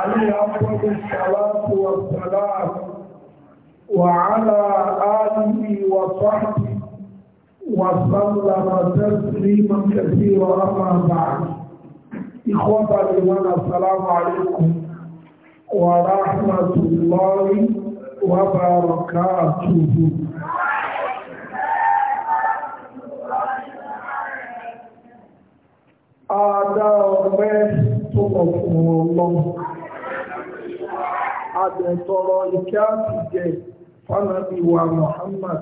عليه أفضل الصلاة والسلام وعلى آله وصحبه وسلم تسليما كثيرا أما بعد إخوة الإيمان السلام عليكم ورحمة الله وبركاته Adá ọgbẹ́ tó pọ̀ fún ọlọ́run àbẹ̀tọ̀rọ̀ ìkẹ́ àtìjẹ fánàbí wa Muhammad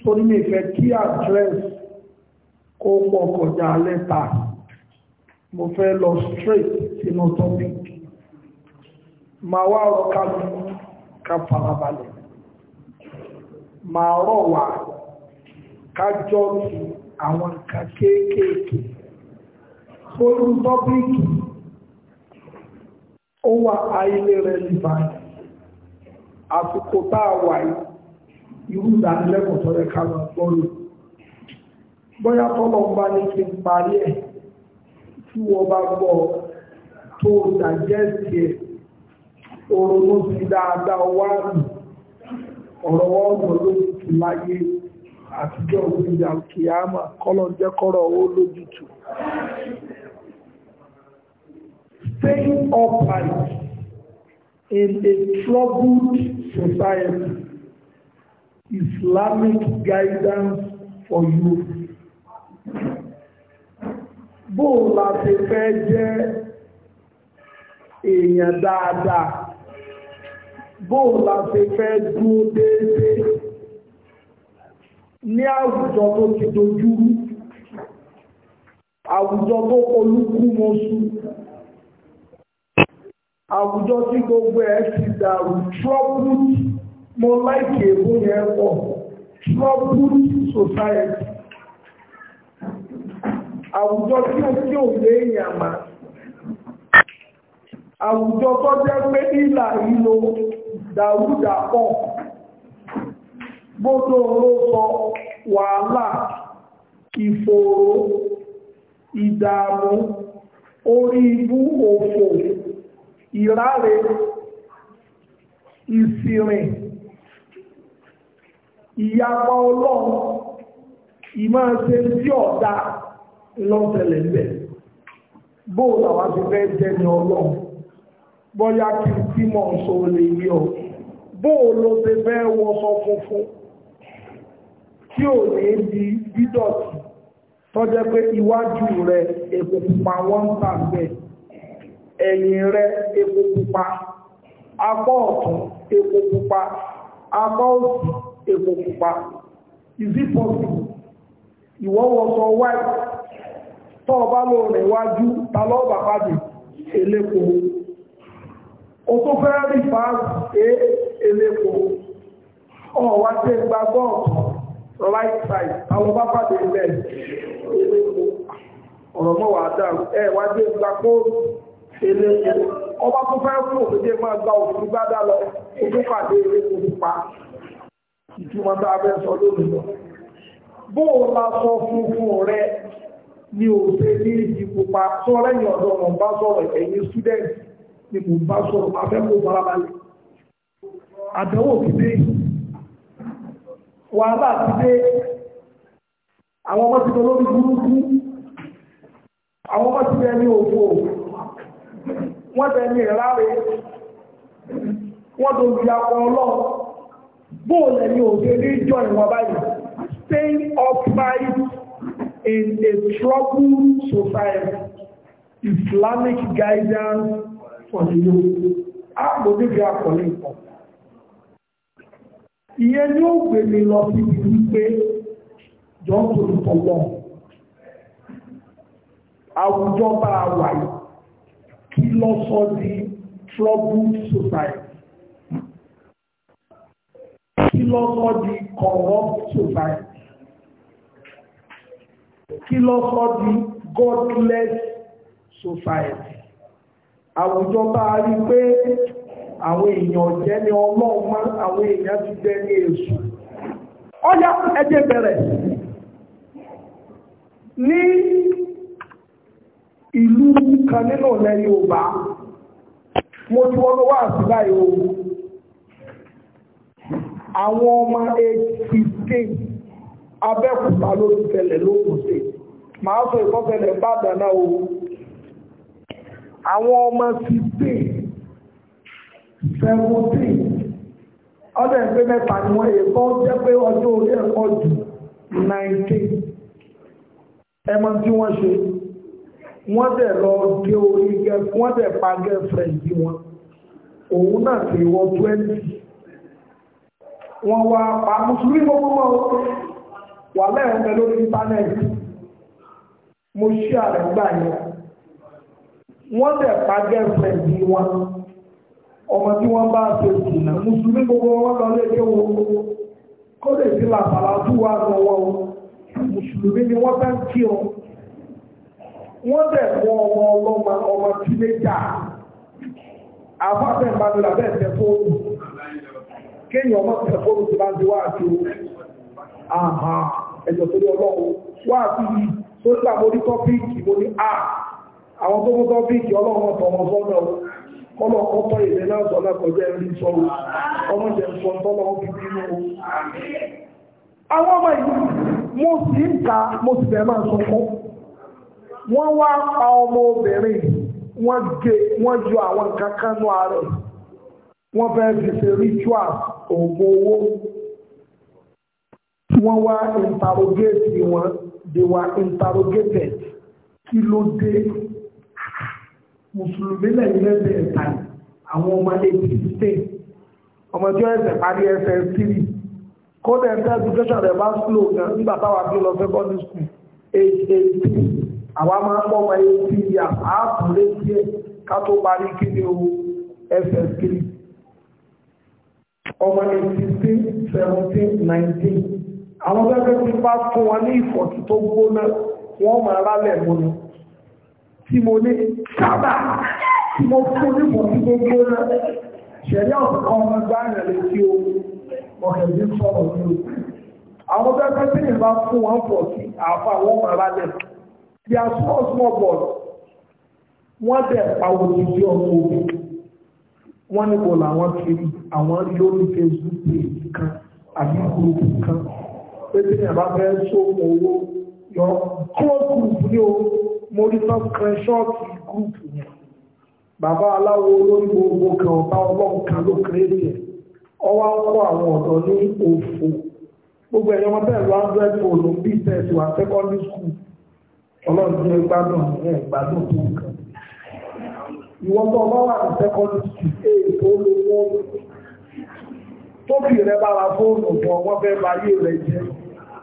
tó ní mẹ́fẹ́ kí address kó pọ̀ kọjá lẹ́tà mo fẹ́ lọ straight sínú topic ma wá rọ kálukú ká farabalẹ̀ ma rọ̀ wá ká jọ́ ti àwọn nǹkan kéékèèké fórí tọ́pìkì ó wà ayélé rẹ̀ nípa àsìkò tá a wà yìí irú ìdánilẹ́kọ̀ọ́ tó rẹ̀ ká lọ lọ́rùn bóyá tọ́lọ̀ ń bá ní kí n parí ẹ̀ tí wọ́n bá gbọ́ tó dàjẹ́sì ẹ̀ oronú sí dáadáa wá rù ọ̀rọ̀ ọ̀nà lójú ti láyé àtijọ́ òfin ìjà kìámà kọ́lọ̀ jẹ́ kọ́rọ̀ ó lójú tù staying upright in a troubled society. Islamic guidance for youth. Bóò la ṣe fẹ́ jẹ́ èèyàn dáadáa. Bóò la ṣe fẹ́ dúró déédéé. Ní àwùjọ tó ti dojú, àwùjọ tó olúkú mọ́sù àwùjọ tí gbogbo ẹ̀ ti dàrú troubled mo láìkì èbó yẹn pọ̀ troubled society àwùjọ tí ó tí ò lé èèyàn mà àwùjọ tó jẹ́ pé ìlà ìlò dàrúdàpọ̀ gbogbo ló sọ wàhálà ìfòòró ìdààmú orí ibú òfò ìráre ìsìnrìn ìyapa ọlọ́run ìmáṣe tí ọ̀dá lọ́tẹ̀lẹ̀ ń bẹ̀ bóò làwọn ti fẹ́ jẹ́ ní ọlọ́run bọ́yá kí n tí mọ̀ ń so lè yí ọ bóò ló ti fẹ́ wọṣọ funfun tí ò ní di dídọ̀tí tọ́jẹ́ pé iwájú rẹ̀ èkó pupa wọ́n ń tà bẹ́ẹ̀ ẹ̀yìn rẹ̀ epo pupa apọ̀ ọ̀tún epo pupa apọ̀ òsì epo pupa is it possible ìwọ wọ sọ white tọ́ ọba lò rẹ̀ wájú ta lọ́ bàbá dì elépo o tó fẹ́ rí fàájì é e, elépo ọ̀wá tí ẹ gba bọ́ọ̀tù right side àwọn bá pàdé ilẹ̀ elépo ọ̀rọ̀ mọ́ wà dáa ẹ̀ wá tí ẹ gba eléyẹ ọba tó fẹ́ fún òfìdí máa gba òfin gbádà lọ ojú pàdé eré kò ní pa ìtumọ̀ tá a fẹ́ sọ lórí lọ. bóò la sọ funfun rẹ ni ò ṣe ní ìdí pupa sọ lẹ́yìn ọ̀dọ́ mọ̀ bá sọ̀rọ̀ ẹ̀yìn student ni mò ń bá sọ̀rọ̀ afẹ́ kó farabalẹ̀. àdánwò ti dé wàhálà ti dé àwọn ọmọ ti lọ lórí burúkú àwọn ọmọ ti bẹ ní òfò òfò wọ́n tẹ̀ ní ìráre wọ́n tó fi akọ ọlọ́run bóòlù ẹ̀yìn òde ní ìjọ ìwọ̀n báyìí stay upright in a troubled society Islamic guidance for the youth àpò níbi àkọlé ìkọ̀ ìyẹn ni ó gbé mi lọ sí wípé jọ́ńtò ìtọ́gbọ́n àwùjọ bá a wà yìí lọ troubled society kí corrupt society kí godless society àwùjọ bá a rí pé àwọn èèyàn jẹ́ ní ọlọ́run mọ́ àwọn èèyàn ti jẹ́ ní èṣù ọ̀yá ẹjẹ́ bẹ̀rẹ̀ ní ìlú kan nínú ilẹ̀ Yorùbá mo ti wọ́n wá sí báyìí o àwọn ọmọ eighty Abẹ́òkúta ló ti tẹ̀lẹ̀ lókun sí màá sọ ìfọ́fẹ́lẹ̀ Ìbàdàn náà o àwọn ọmọ sixteen seventeen ọdẹ ìpé mẹ́ta ni wọ́n èkó jẹ́ pé ọjọ́ orí ẹ̀kọ́ jù nineteen ẹ̀mọ́ tí wọ́n ṣe wọ́n dẹ̀ lọ gé orí gẹ́ wọ́n dẹ̀ pa gẹ́fẹ̀ẹ́ndì wọn òun náà ti wọ twenty wọ́n wá pa mùsùlùmí gbogbo wọn wà lẹ́yìn ọ̀bẹ lórí íńtánẹ́ẹ̀tì mo ṣí àrẹ gbà yẹn wọ́n dẹ̀ pa gẹ́fẹ̀ẹ́ndì wọn ọmọ tí wọ́n bá ṣe ìsìnà mùsùlùmí gbogbo wọn lọ lẹ́yìn owó kó lè sí làbàlá tó wà lọ́wọ́ mùsùlùmí ni wọ́n fẹ́ kí ọ wọ́n bẹ̀ mọ́ ọmọ ọlọ́mọ ọmọ tínéjà àfáàfẹ́ ìbánilà bẹ́ẹ̀ tẹ́fóòrù kéèyàn ọmọ tẹ́fóòrù ti bá ń di wáàtí o àhà ẹ̀jọ̀ tó ní ọlọ́run wáàtí yìí tó ń tàbí orí tọ́píìkì mo ní a àwọn tó mú tọ́píìkì ọlọ́run ọ̀tọ̀mọ sọ́nà kọ́lọ̀ ọkọ̀ ìrẹ́ náà sọ lákọjá ẹ̀rí sọ́rọ̀ ọmọ jẹ́ sọ tọ́lọ́ fi bínú o àwọn ọmọ yìí mo sì ń ka mo sì fẹ́ máa sọ fún wọ́n wá pa ọmọ obìnrin wọ́n gé wọ́n ju àwọn nǹkan kan nú wọ́n fẹ́ fi ṣe ritual oògùn owó wọ́n wá interrogate wọn they were interrogated kí ló dé mùsùlùmí lẹ́yìn lẹ́sẹ̀ ẹ̀ta àwọn ọmọ eighty state ọmọ tí ó ẹsẹ̀ parí ẹsẹ̀ three kódà ẹ̀ta education rẹ̀ bá slow nígbà táwa bí lọ secondary school eight eight àwa máa ń pọ̀ wọ etí ìyá àákùnrin díẹ̀ ká tó parí kí ni o ss3 ọmọ sixteen seventeen nineteen àwọn bẹ́ẹ̀ tí bá fún wọn ní ìfọ̀tí tó gbóná wọ́n máa rálẹ̀ mú ni tí mo ní sábà tí mo fún ní ìfọ̀tí tó gbóná ṣẹ̀lẹ̀ ọ̀kan ọmọ gbáyàn lè tí o ọ̀kẹ̀lẹ́ sọ̀rọ̀ ní o àwọn bẹ́ẹ̀ tí ìbá fún wọn fọ̀tí àfa wọ́n máa rálẹ̀ mú They are small, small boys. Wọ́n dẹ̀ pàwọ̀ ìdí ọkọ̀ omi. Wọ́n ní kò làwọn fi àwọn lórí Facebook page kan àbí group kan. Pépé ní àbáfẹ́ sóhun owó yọ close group ní o. Mo rí sọ screenshot group yẹn. Bàbá aláwo olórí gbogbo kan ọba ọlọ́run kan ló kéré jẹ. Ọwọ́ á kọ́ àwọn ọ̀dọ́ ní òfò. Gbogbo ẹ̀yọ́ wọn bẹ̀rù Android phone ń bí tẹ̀sí wa secondary school ọlọ́run jẹ́ gbádùn ní ìgbádùn tó ń kàn. Ìwọ́n tó ọba wà ní sẹ́kọ́ndì sí èèkó lówó tóbi rẹ bára fóònù fún ọmọ fẹ́ bá yé rẹ jẹ́.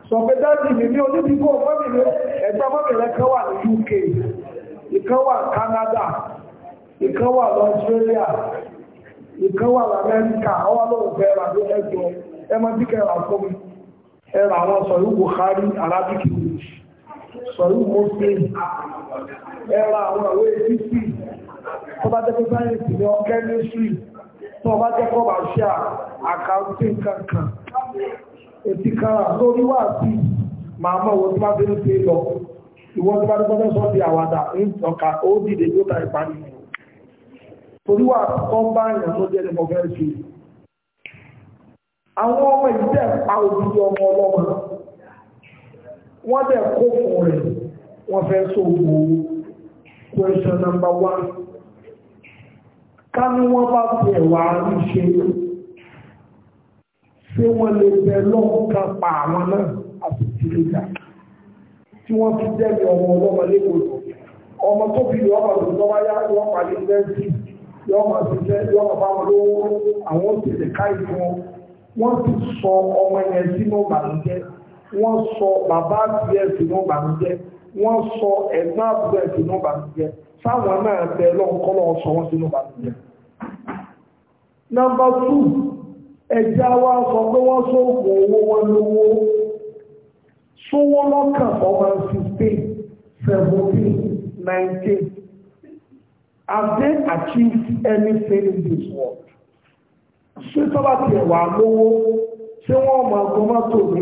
Sọ pé dájú mi ní onídìgbò mọ́mìnì UK, ìkan wà Canada, ìkan wà Australia, ìkan wà America, ọwọ́ lóun fẹ́ rà ní ẹjọ́, ẹ máa bí kẹrà fún mi, ẹ rà àwọn ìwò kárí Arabic English sọ̀rọ̀ mọ́sílẹ̀ ẹ̀rọ àwọn àwọn èsìsì tó bá jẹ́ sáyẹ̀nsì ní chemistry tó bá jẹ́ kọba ṣe accounting kankan ètì kára lórí wà sí máa mọ́ owó tó bá fi ń pè lọ ìwọ́n tó bá ní gbọ́dọ̀ sọ́ di àwàdà ń tọ́ka ó dìde yóò ta ìparí torí wà tó bá yàn tó jẹ́ ní mo fẹ́ ṣe àwọn ọmọ ìdẹ́ pa òbí ọmọ ọlọ́mọ wọ́n bẹ̀ kó fún rẹ̀ wọ́n fẹ́ sóògbò question number one ká ní wọ́n bá fẹ́ wà rí ṣe ṣé wọ́n lè bẹ lọ́wọ́ ká pa àwọn náà àti tìlẹ́gà tí wọ́n fi jẹ́bi ọmọ ọlọ́mọ lẹ́kọ̀ọ́ ọmọ tó fi yọ ọmọ lọ́wọ́ wáyá wọ́n pàdé lẹ́sìn yọ ọmọ ṣiṣẹ́ yọ ọmọ bá wọn lówó àwọn ó ti lè ká ìfún wọn ti sọ ọmọ yẹn sínú bàlújẹ́ wọ́n sọ bàbá àgbẹ̀ sínú bàmújẹ́ wọ́n sọ ẹ̀gbọ́n àgbẹ̀ sínú bàmújẹ́ sáwọn náà bẹ lọ́nkọ́lọ́ sọ wọ́n sínú bàmújẹ́. nọ́mbà tù ẹja wa sọ pé wọ́n sọ oògùn owó wọn lówó sówó lọ́kàn ọmọ sixteen seventeen nineteen have they achieved anything in this world? ṣé tọ́ba tiẹ̀ wà lówó ṣé wọ́n mọ̀ ọgbọ́n mọ́tò ní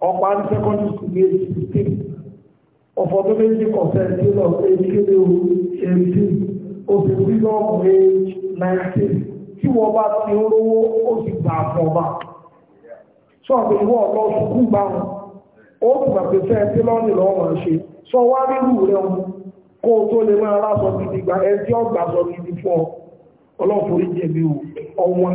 ọ̀pá ní secondary school ní age fifteen ọ̀fọ̀ tó méjì kọ̀ọ̀sẹ̀ tí lọ age kéde o eighteen oṣù freedom age nineteen tí wọ́n bá ti rówó ó sì gbà àfọ̀ọ́bà sọ̀rọ̀ ìwọ ọ̀lọ́ sùkúù bá wọn ó sì gbà pé fẹ́ẹ́ tí lọ́ọ̀nì lọ́wọ́ ṣe sọ wá nínú rẹ̀ wọn kó o tó lè máa rásọ gidi gba ẹjọ́ gbàsọ gidi fún ọ ọlọ́ọ̀fọ̀ orí jẹ̀bi ọ̀wọ́n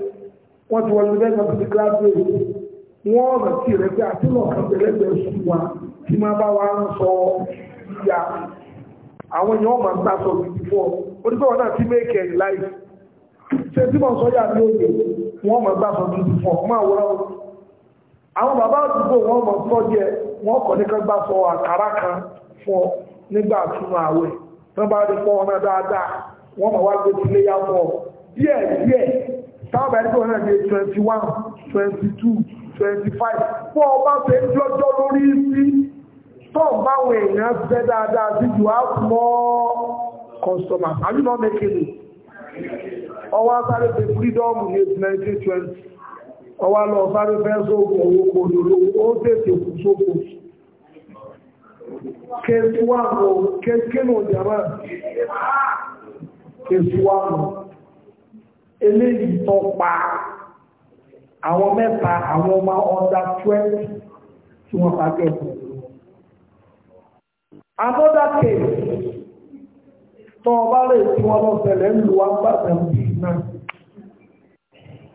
wọ́n ti wọlé lẹ́gbẹ̀ẹ́ tó ti kíláàsì rẹ̀ wọ́n ọ̀rọ̀ tí rẹ̀ pé àtúnlọ̀ kan bẹ̀rẹ̀gbẹ̀ẹ́ sùn wa tí máa bá wa ń sọ ìyá àwọn èèyàn máa ń gbà sọ gidi fún ọ onígbọ̀wọ́ náà ti méèkẹ̀ láì ṣe tí wọ́n sọ yà ní òye wọ́n máa gbà sọ gidi fún ọ máa wúrọ̀ àwọn bàbá àdúgbò wọn máa sọ jẹ wọn kọ̀ ní kan gbà sọ àkàrà kan fún nígbà àtúnú àwẹ̀ tán bá rí fún ọ náà dáadáa wọ́n máa wá gbé tilé yá fún ọ táwọn ẹni tó rẹ̀ ní 21 22 25 fún ọba fẹ́ jọjọ́ lórí sí tọ́ọ̀ báwọn èèyàn fẹ́ dáadáa sí jù á mọ́ customer àbí náà mẹ́kẹ́lẹ̀ ọwá sáré fẹ́ freedom ní 1920 ọwá lọ sáré fẹ́ sóògùn owó kò lòlò ó tètè kù sóògùn kéṣùwàmù kéṣùwàmù eléyìí tó pa àwọn mẹ́ta àwọn ọmọ under twenty tí wọ́n pa gẹ̀ẹ́sì. another case tó ọba rẹ̀ tí wọ́n lọ sẹlẹ̀ ń lu agbábẹ̀ bí náà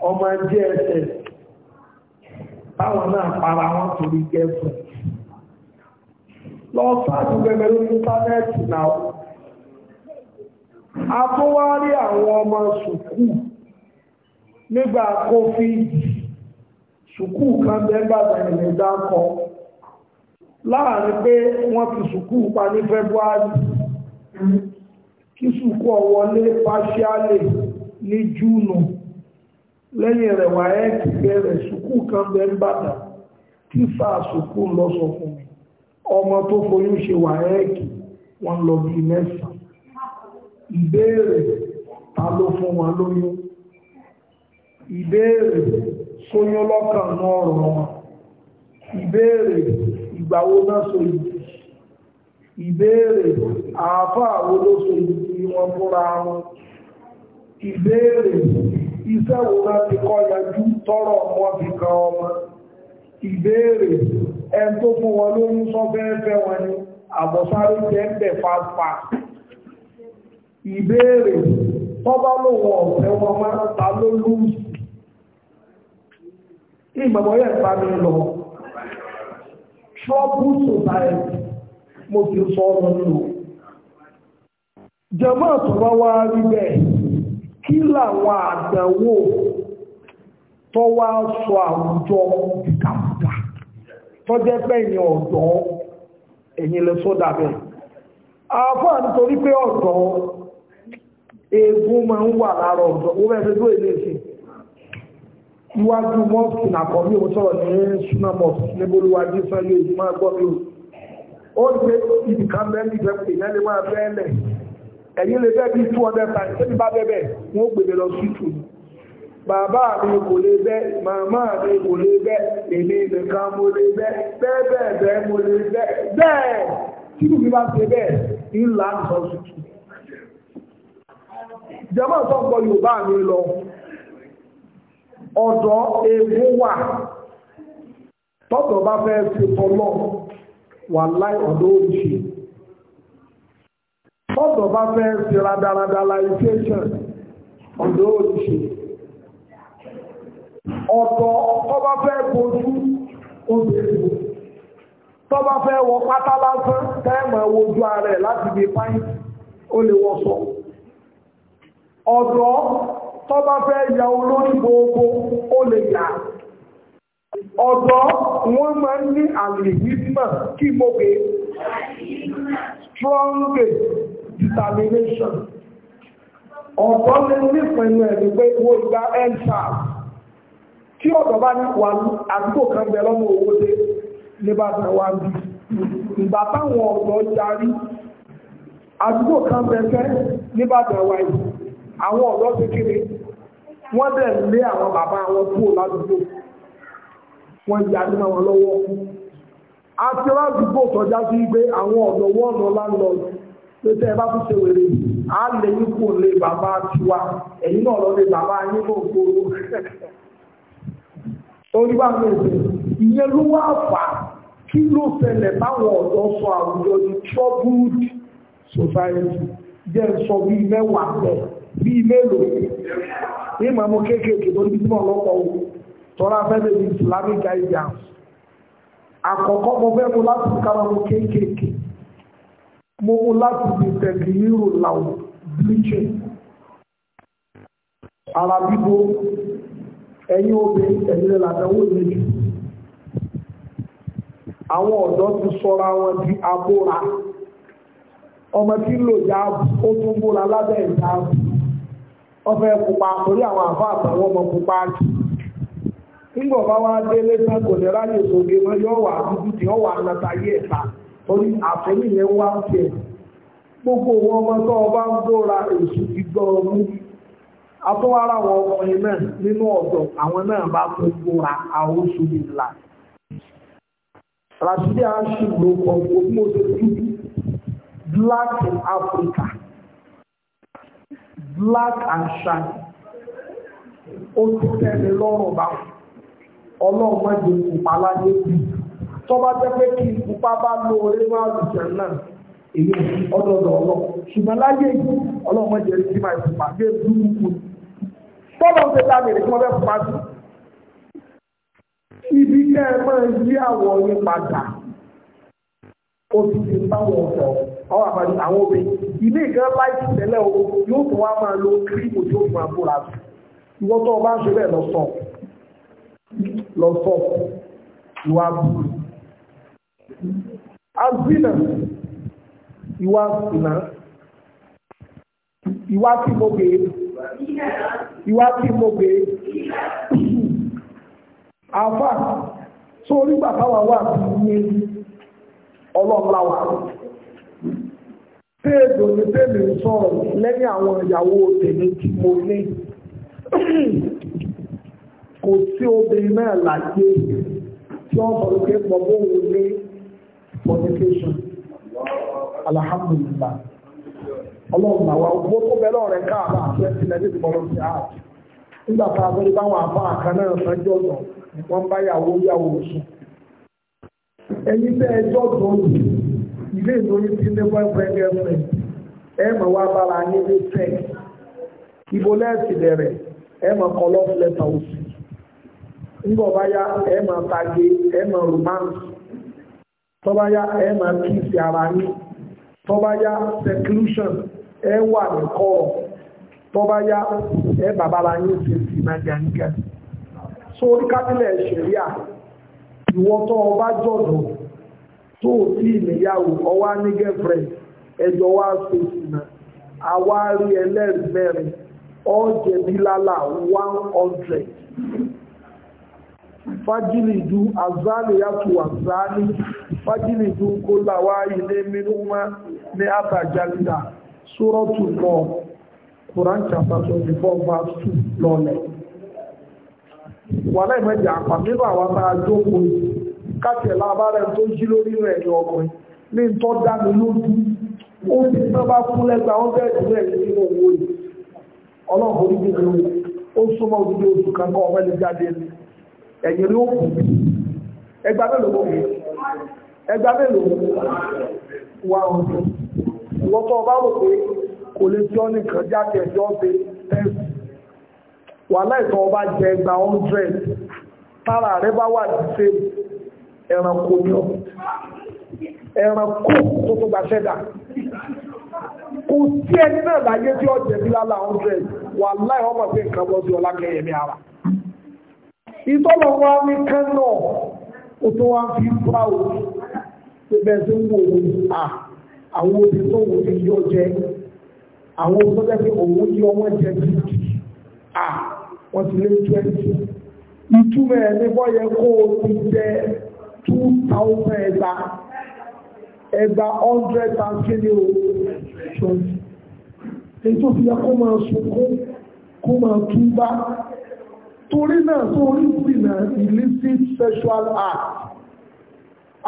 ọmọ ẹjẹ́ ẹsẹ̀ táwọn náà para wọn torí gẹ̀ẹ́sì lọ sáàtù gẹ́gẹ́ lórí íńtánẹ́ẹ̀tì náà a tún wá rí àwọn ọmọ sùkúù nígbà kófíìdì sùkúù kan bẹ́ẹ̀ bàbá ìrìn dákọ̀ láàrin pé wọ́n fi sùkúù pa ní february kí sùkúù ọ̀wọ́lé partially ní júùnù lẹ́yìn rẹ̀ wà ẹ́ kì bẹ̀rẹ̀ sùkúù kan bẹ́ẹ̀ bàbá tí sáà sùkúù lọ sọ fún mi ọmọ tó foyún ṣe wà ẹ́ kì wọ́n lọ bí mẹ́sàn-án ìbéèrè ta ló fún wọn lóyún ìbéèrè sóyún lọ́kàn náà rọ̀ ìbéèrè ìgbàwó náà so ìdí ìbéèrè àáfàá wo ló so ìdí wọn fúnra wọn ìbéèrè iṣẹ́ wo náà ti kọ́ yanjú tọrọ ọmọ fi kan ọmọ ìbéèrè ẹn tó fún wọn lóyún sọ́fẹ́ẹ́fẹ́ wọn ni àbọ̀sáré jẹ́ ń ìbéèrè tọ́bá lòun ọ̀fẹ́ wọn máa ta ló lùsì ìgbàgbọ́ yẹ̀ bá mi lọ trouble society mo ti sọ ọmọ nínú jẹmọ́ àtọ́wá wá rí bẹ́ẹ̀ kí làwọn àdánwò tó wá sọ àwùjọ ìkàkùkà tó jẹ́ pẹ̀yìn ọ̀dọ́ ẹ̀yìn lè sọ dàbẹ̀ àfáà nítorí pé ọ̀dọ́ eégún máa ń wà lára ọ̀dọ́ ó rẹ̀ fẹ́ tó èlé sí iwájú mọ́ọ̀sì nàkọ́ bí òun sọ̀rọ̀ ní ṣúná mọ́ọ̀sì níbolúwájú sáyé ìlú máa gbọ́ mi ó ń gbé ibi kan bẹ́ẹ̀ ní ìjẹ́pẹ̀ ìyẹn lè máa bẹ́ẹ̀ lẹ̀ ẹ̀yìn lè bẹ́ẹ̀ bí two hundred times tẹ́bi bá bẹ́ẹ̀ bẹ́ẹ̀ wọ́n gbèdè lọ sí tù bàbá mi kò lè bẹ́ màmá mi kò lè bẹ́ èmi nìkan mo lè bẹ́ bẹ́ẹ̀ bẹ́ẹ̀ bẹ́ẹ̀ mo lè bẹ́ bẹ́ẹ̀ tí kò fi bá ṣe bẹ́ẹ̀ ńlá nìkan sí tù jẹ́mọ̀ sọ́kọ Yorùbá mi lọ ọ̀dọ̀ egun wà tọ́tọ̀ bá fẹ́ fi tọ́lọ́ wà láì ọ̀dọ̀ òjì tọ́tọ̀ bá fẹ́ fi radarada láìsẹ́sẹ̀ ọ̀dọ̀ òjì ọ̀dọ̀ tọ́ bá fẹ́ bojú obìnrin tọ́ bá fẹ́ wọ pátá lásán tẹ́ẹ̀mọ̀ ojú ààrẹ láti bí páyìn ó lè wọ́ sọ ọ̀dọ̀ tó bá fẹ́ ya olórí gbogbo ó lè yà ọ̀dọ́ wọ́n máa ń ní àlèhímà kí mo strong determination ọ̀dọ́ lè nífẹ̀ẹ́nu ẹ̀mí pé wo ìgbà endsars tí ọ̀dọ́ bá ní wà àdúgbò kan bẹ lọ́nà owó dé níbàtàn wá bí ìgbà táwọn ọ̀dọ́ yarí àdúgbò kan bẹ fẹ́ níbàtàn wá yìí àwọn ọ̀dọ́ ti kiri wọ́n dẹ̀ lé àwọn bàbá wọn kúrò ládùúgbò wọ́n ya nínú wọn lọ́wọ́ àti ládùúgbò tọ́já sí pé àwọn ọ̀dọ́ wọ́ọ̀nà láńlọ́ọ̀dù pé tẹ́ ẹ bá tún ṣe wèrè á lè yín kúrò lé bàbá tiwa ẹ̀yin náà lọ lé bàbá yín náà kúrò onígbà mẹ́sẹ̀ ìyẹn ló wá fà kí ló ṣẹlẹ̀ báwọn ọ̀dọ́ sọ àwùjọ di troubled society jẹ́ sọ bíi mẹ́wàá bẹ́ẹ̀. bí mélòó ní ìmọ̀mú kéékèèké tó níbi tí lọ́pọ̀ o tọ́lá fẹ́lẹ̀ ní islamic guidance àkọ́kọ́ mo fẹ́ mu láti mu láti di ara bíbó lẹ́jù àwọn ọ̀dọ́ ti wọn di abóra ọmọ tí ń lò ó tún ọfẹ́ pupa torí àwọn àfá àtàwọn ọmọ pupa jù nígbà bá wá délé tán ní ráyè sóge mọ́ yóò wà dúdú tí ẹ̀ta torí yẹn wá ń gbogbo wọn ọmọ tó ọba ń dóra èṣù wọn ọkùnrin náà nínú ọ̀dọ̀ àwọn náà bá tó gbóra àwọn oṣù nìlá Africa black and shine ó ti tẹ́lẹ̀ lọ́rùn bá ọlọ́run ẹ̀jẹ̀ pupa láyé bí tó bá jẹ́ pé kí pupa bá lo orí máa lù jẹ̀ náà èyí ọdọọdọ ọlọ́run ṣùgbọ́n láyé yìí ọlọ́run ẹ̀jẹ̀ rí máa pupa bí èdè dúkú tọ́lọ̀ ń tẹ́lẹ̀ àgbèrè kí wọ́n fẹ́ pupa sí ibi kẹ́ ẹ máa yí àwọ̀ yín padà ó ti ti báwọn ọ̀sẹ̀ àwọn obìnrin ilé ìkan láìsí tẹ́lẹ̀ o yóò tún wá máa lo kírímù tí ó fún abúra sí ìwọ́n tó bá ń ṣe bẹ́ẹ̀ lọ́sọ̀ lọ́sọ̀ ìwà burú azina ìwà sinà ìwà tí mo gbé ìwà tí mo gbé àfà sórí bàbá wa wà ní ọlọ́ọ̀láwà. tí èdò ní tèmi ń sọ̀rọ̀ lẹ́yìn àwọn ìyàwó tèmi tí mo ní kò sí obìnrin náà láyé tí wọ́n sọ pé pọ̀ bóun ní fornication alhamdulillah ọlọ́run àwa gbogbo tó bẹ lọ́rẹ̀ káàbà ní ìbọn nígbà tá a fẹ́ náà ọ̀nà wọ́n bá yàwó yàwó sùn ilé ìlóyún ti ní boyfriend girlfriend ẹ mọ̀ wá bára yín ní sex ibo lẹ́ẹ̀sì bẹ̀rẹ̀ ẹ mọ̀ kọ́ love òsì ńgbọ̀ bá yá ẹ mọ̀ tàgé ẹ mọ̀ romance tọ́ba yá ẹ mọ̀ kiss ara yín tọ́ba yá seclusion ẹ wà ní kọ́ọ̀ tọ́ba yá ẹ bàbá la yín ṣe sí nàìjíríà so orí kábílẹ̀ ṣẹ̀ríà ìwọ́tọ́ ọba jọ̀dọ̀ tó ò tí ìníyàwó ọwá ní girlfriend ẹjọ́ wá ṣe ìsìnà àwárí ẹlẹ́rìí mẹ́rin ọ̀jẹ̀ one hundred azali fájìlìdú azániyàtò azání fájìlìdú kólàwá ilé mínúmá ní àtàjálìdà sórọ́tù náà Quran chapter twenty four verse two lọ́lẹ̀ wàlẹ́ ìmẹ́jà àpàmílò àwọn bá a jókòó yìí káàkiri lábára tó jí lórí rẹ̀ ní ọkùnrin ní tọ́ dámi lójú ó ti tán bá fún lẹ́gbà wọ́n bẹ̀rẹ̀ sílẹ̀ nínú owó yìí ọlọ́run orí bí ìlú ó súnmọ́ òdúdó oṣù kan kọ́ ọmọ ẹlẹ́ jáde ní ẹ̀yìn rí ó kù ẹgbà mélòó ẹgbà mélòó wà ọ̀dọ̀ ìwọ́tọ̀ ọba rò pé kò lè tí nìkan jáde ẹ̀jọ́ ọ̀sẹ̀ tẹ́sì wà láìsọ ọba jẹ ẹgbà 100 tára rẹ bá wà ní sẹ́yìn ẹranko ní ọ ẹranko tó tó gba ṣẹ́dà kò sí ẹni náà láyé tí ó jẹ̀bi lálá 100 wà láì ọmọ pé nǹkan bọ́ sí ọlá kẹyẹmí ara ìtọ́lọ̀ wa ní kánà ó tó wá fi bá o bẹ́ẹ̀ tó ń wò ó àwọn obì tó wò ó yọ jẹ àwọn obì tó jẹ́ pé òun yọ wọ́n jẹ gidi wọ́n ti lé 20 ìtumọ̀ ẹ̀ ní bọ́ yẹ kó o ti jẹ́ two thousand ẹgbà ẹgbà hundred and twenty o twenty èyí tó fi yẹ kó máa sunkún kó máa túbá torí náà tó orí ìsìnà illicit sexual act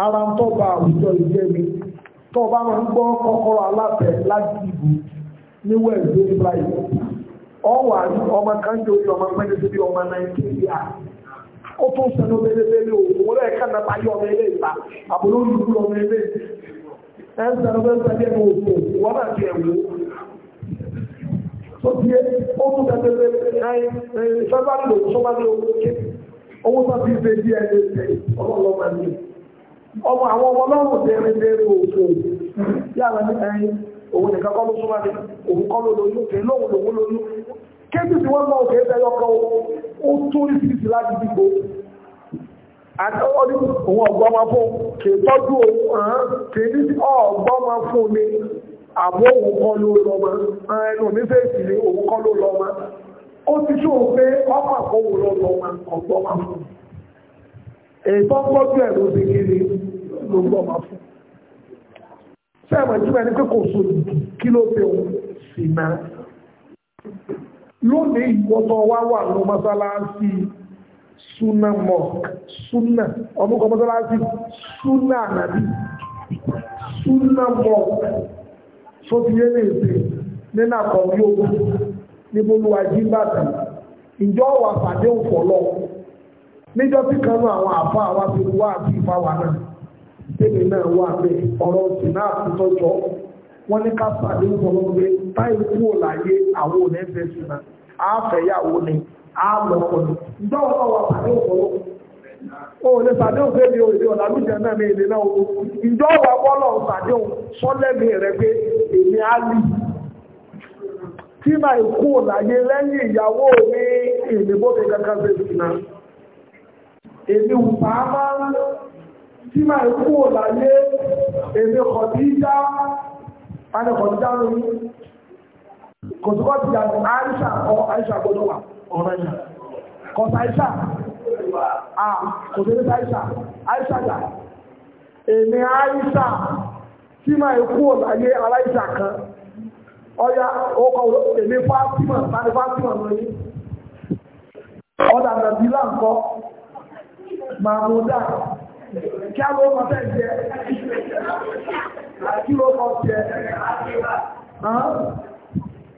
ara ń tọ́ba àwùjọ ìjẹ́mi tó bá máa ń gbọ́ kọ́kọ́rọ́ aláfẹ́ láti ìbò ní west bay flight ọwọ́ àti ọmọ kanjo ọmọ pẹ́ẹ́lẹ́sì ọmọ 19 years ó tún sẹ́nu bẹ́lẹ́bẹ́lẹ́ òun wọ́n lẹ́ẹ̀ká mẹ́ta yọ ọmọ ilé ìta àbúrò olùkú ọmọ ilé ẹ̀ ń sẹ́nu bẹ́lẹ́bẹ́lẹ́ òun wọ́n náà ti ẹ̀wọ́ tó ti yé ó tún òun nìkan kọ́ ló súnmọ́ ní òun kọ́ ló lóyún lóhun lòun lóyún kéjì tí wọ́n mọ́ òkè ó tó rí sí láti dìbò àtọ́wọ́dí òun ọ̀gbọ́mọ fún kì í tọ́jú òun kì í sí ọ̀gbọ́mọ fún ni àmọ́ òun kọ́ ló lọ́mọ ẹnu mi fẹ́ sì ni òun kọ́ ló lọ́mọ ó ti ṣóò pé ọmọ àkọ́wò lọ́mọ ọ̀gbọ́mọ fún èyí tó gbọ́jú ẹ̀ ló ti kiri ló gbọ́mọ fún sẹ́ẹ̀mọ̀ ìtumẹ̀ ní pé kò sódì kí ló lónìí ìwọ́tọ̀ wá wà ní mọ́sálásí súnà mọ́k suna ọmọkọ̀ mọ́sálásí súnà ànàbí súnà mọ́k tó ti yé ní èdè nínú àkọ̀wé ogun níbo ló jí bàtà ìjọ wà pàdé òfòlọ́ níjọ́ tí kan àwọn àfa àwa ti àti wà náà táyì kú òláyé àwọn òní ẹ̀fẹ́ súnà àfẹ́yàwó ni àlọ́kọ̀ ìjọba náà wà pàdé òkòló o lè òkè náà náà ìjọba bọ́lọ̀ òun sọ́lẹ́mì rẹ pé èmi á lì tí kú lẹ́yìn ìyàwó kankan fẹ́ èmi ò máa ń tí kú èmi já kò ti dà àìṣà ọ àìṣà gbọ́dọ̀ wà ọ̀rọ̀ ẹ̀yà kò sàìṣà à kò tó tẹ́lẹ̀ àìṣà àìṣà dà èmi àìṣà kan ọya ọkọ̀ èmi fásímà tani fásímà lóyún ọ̀dà nàbílà ńkọ́ màmúdà kí a ló kọ́ jẹ́ jẹ́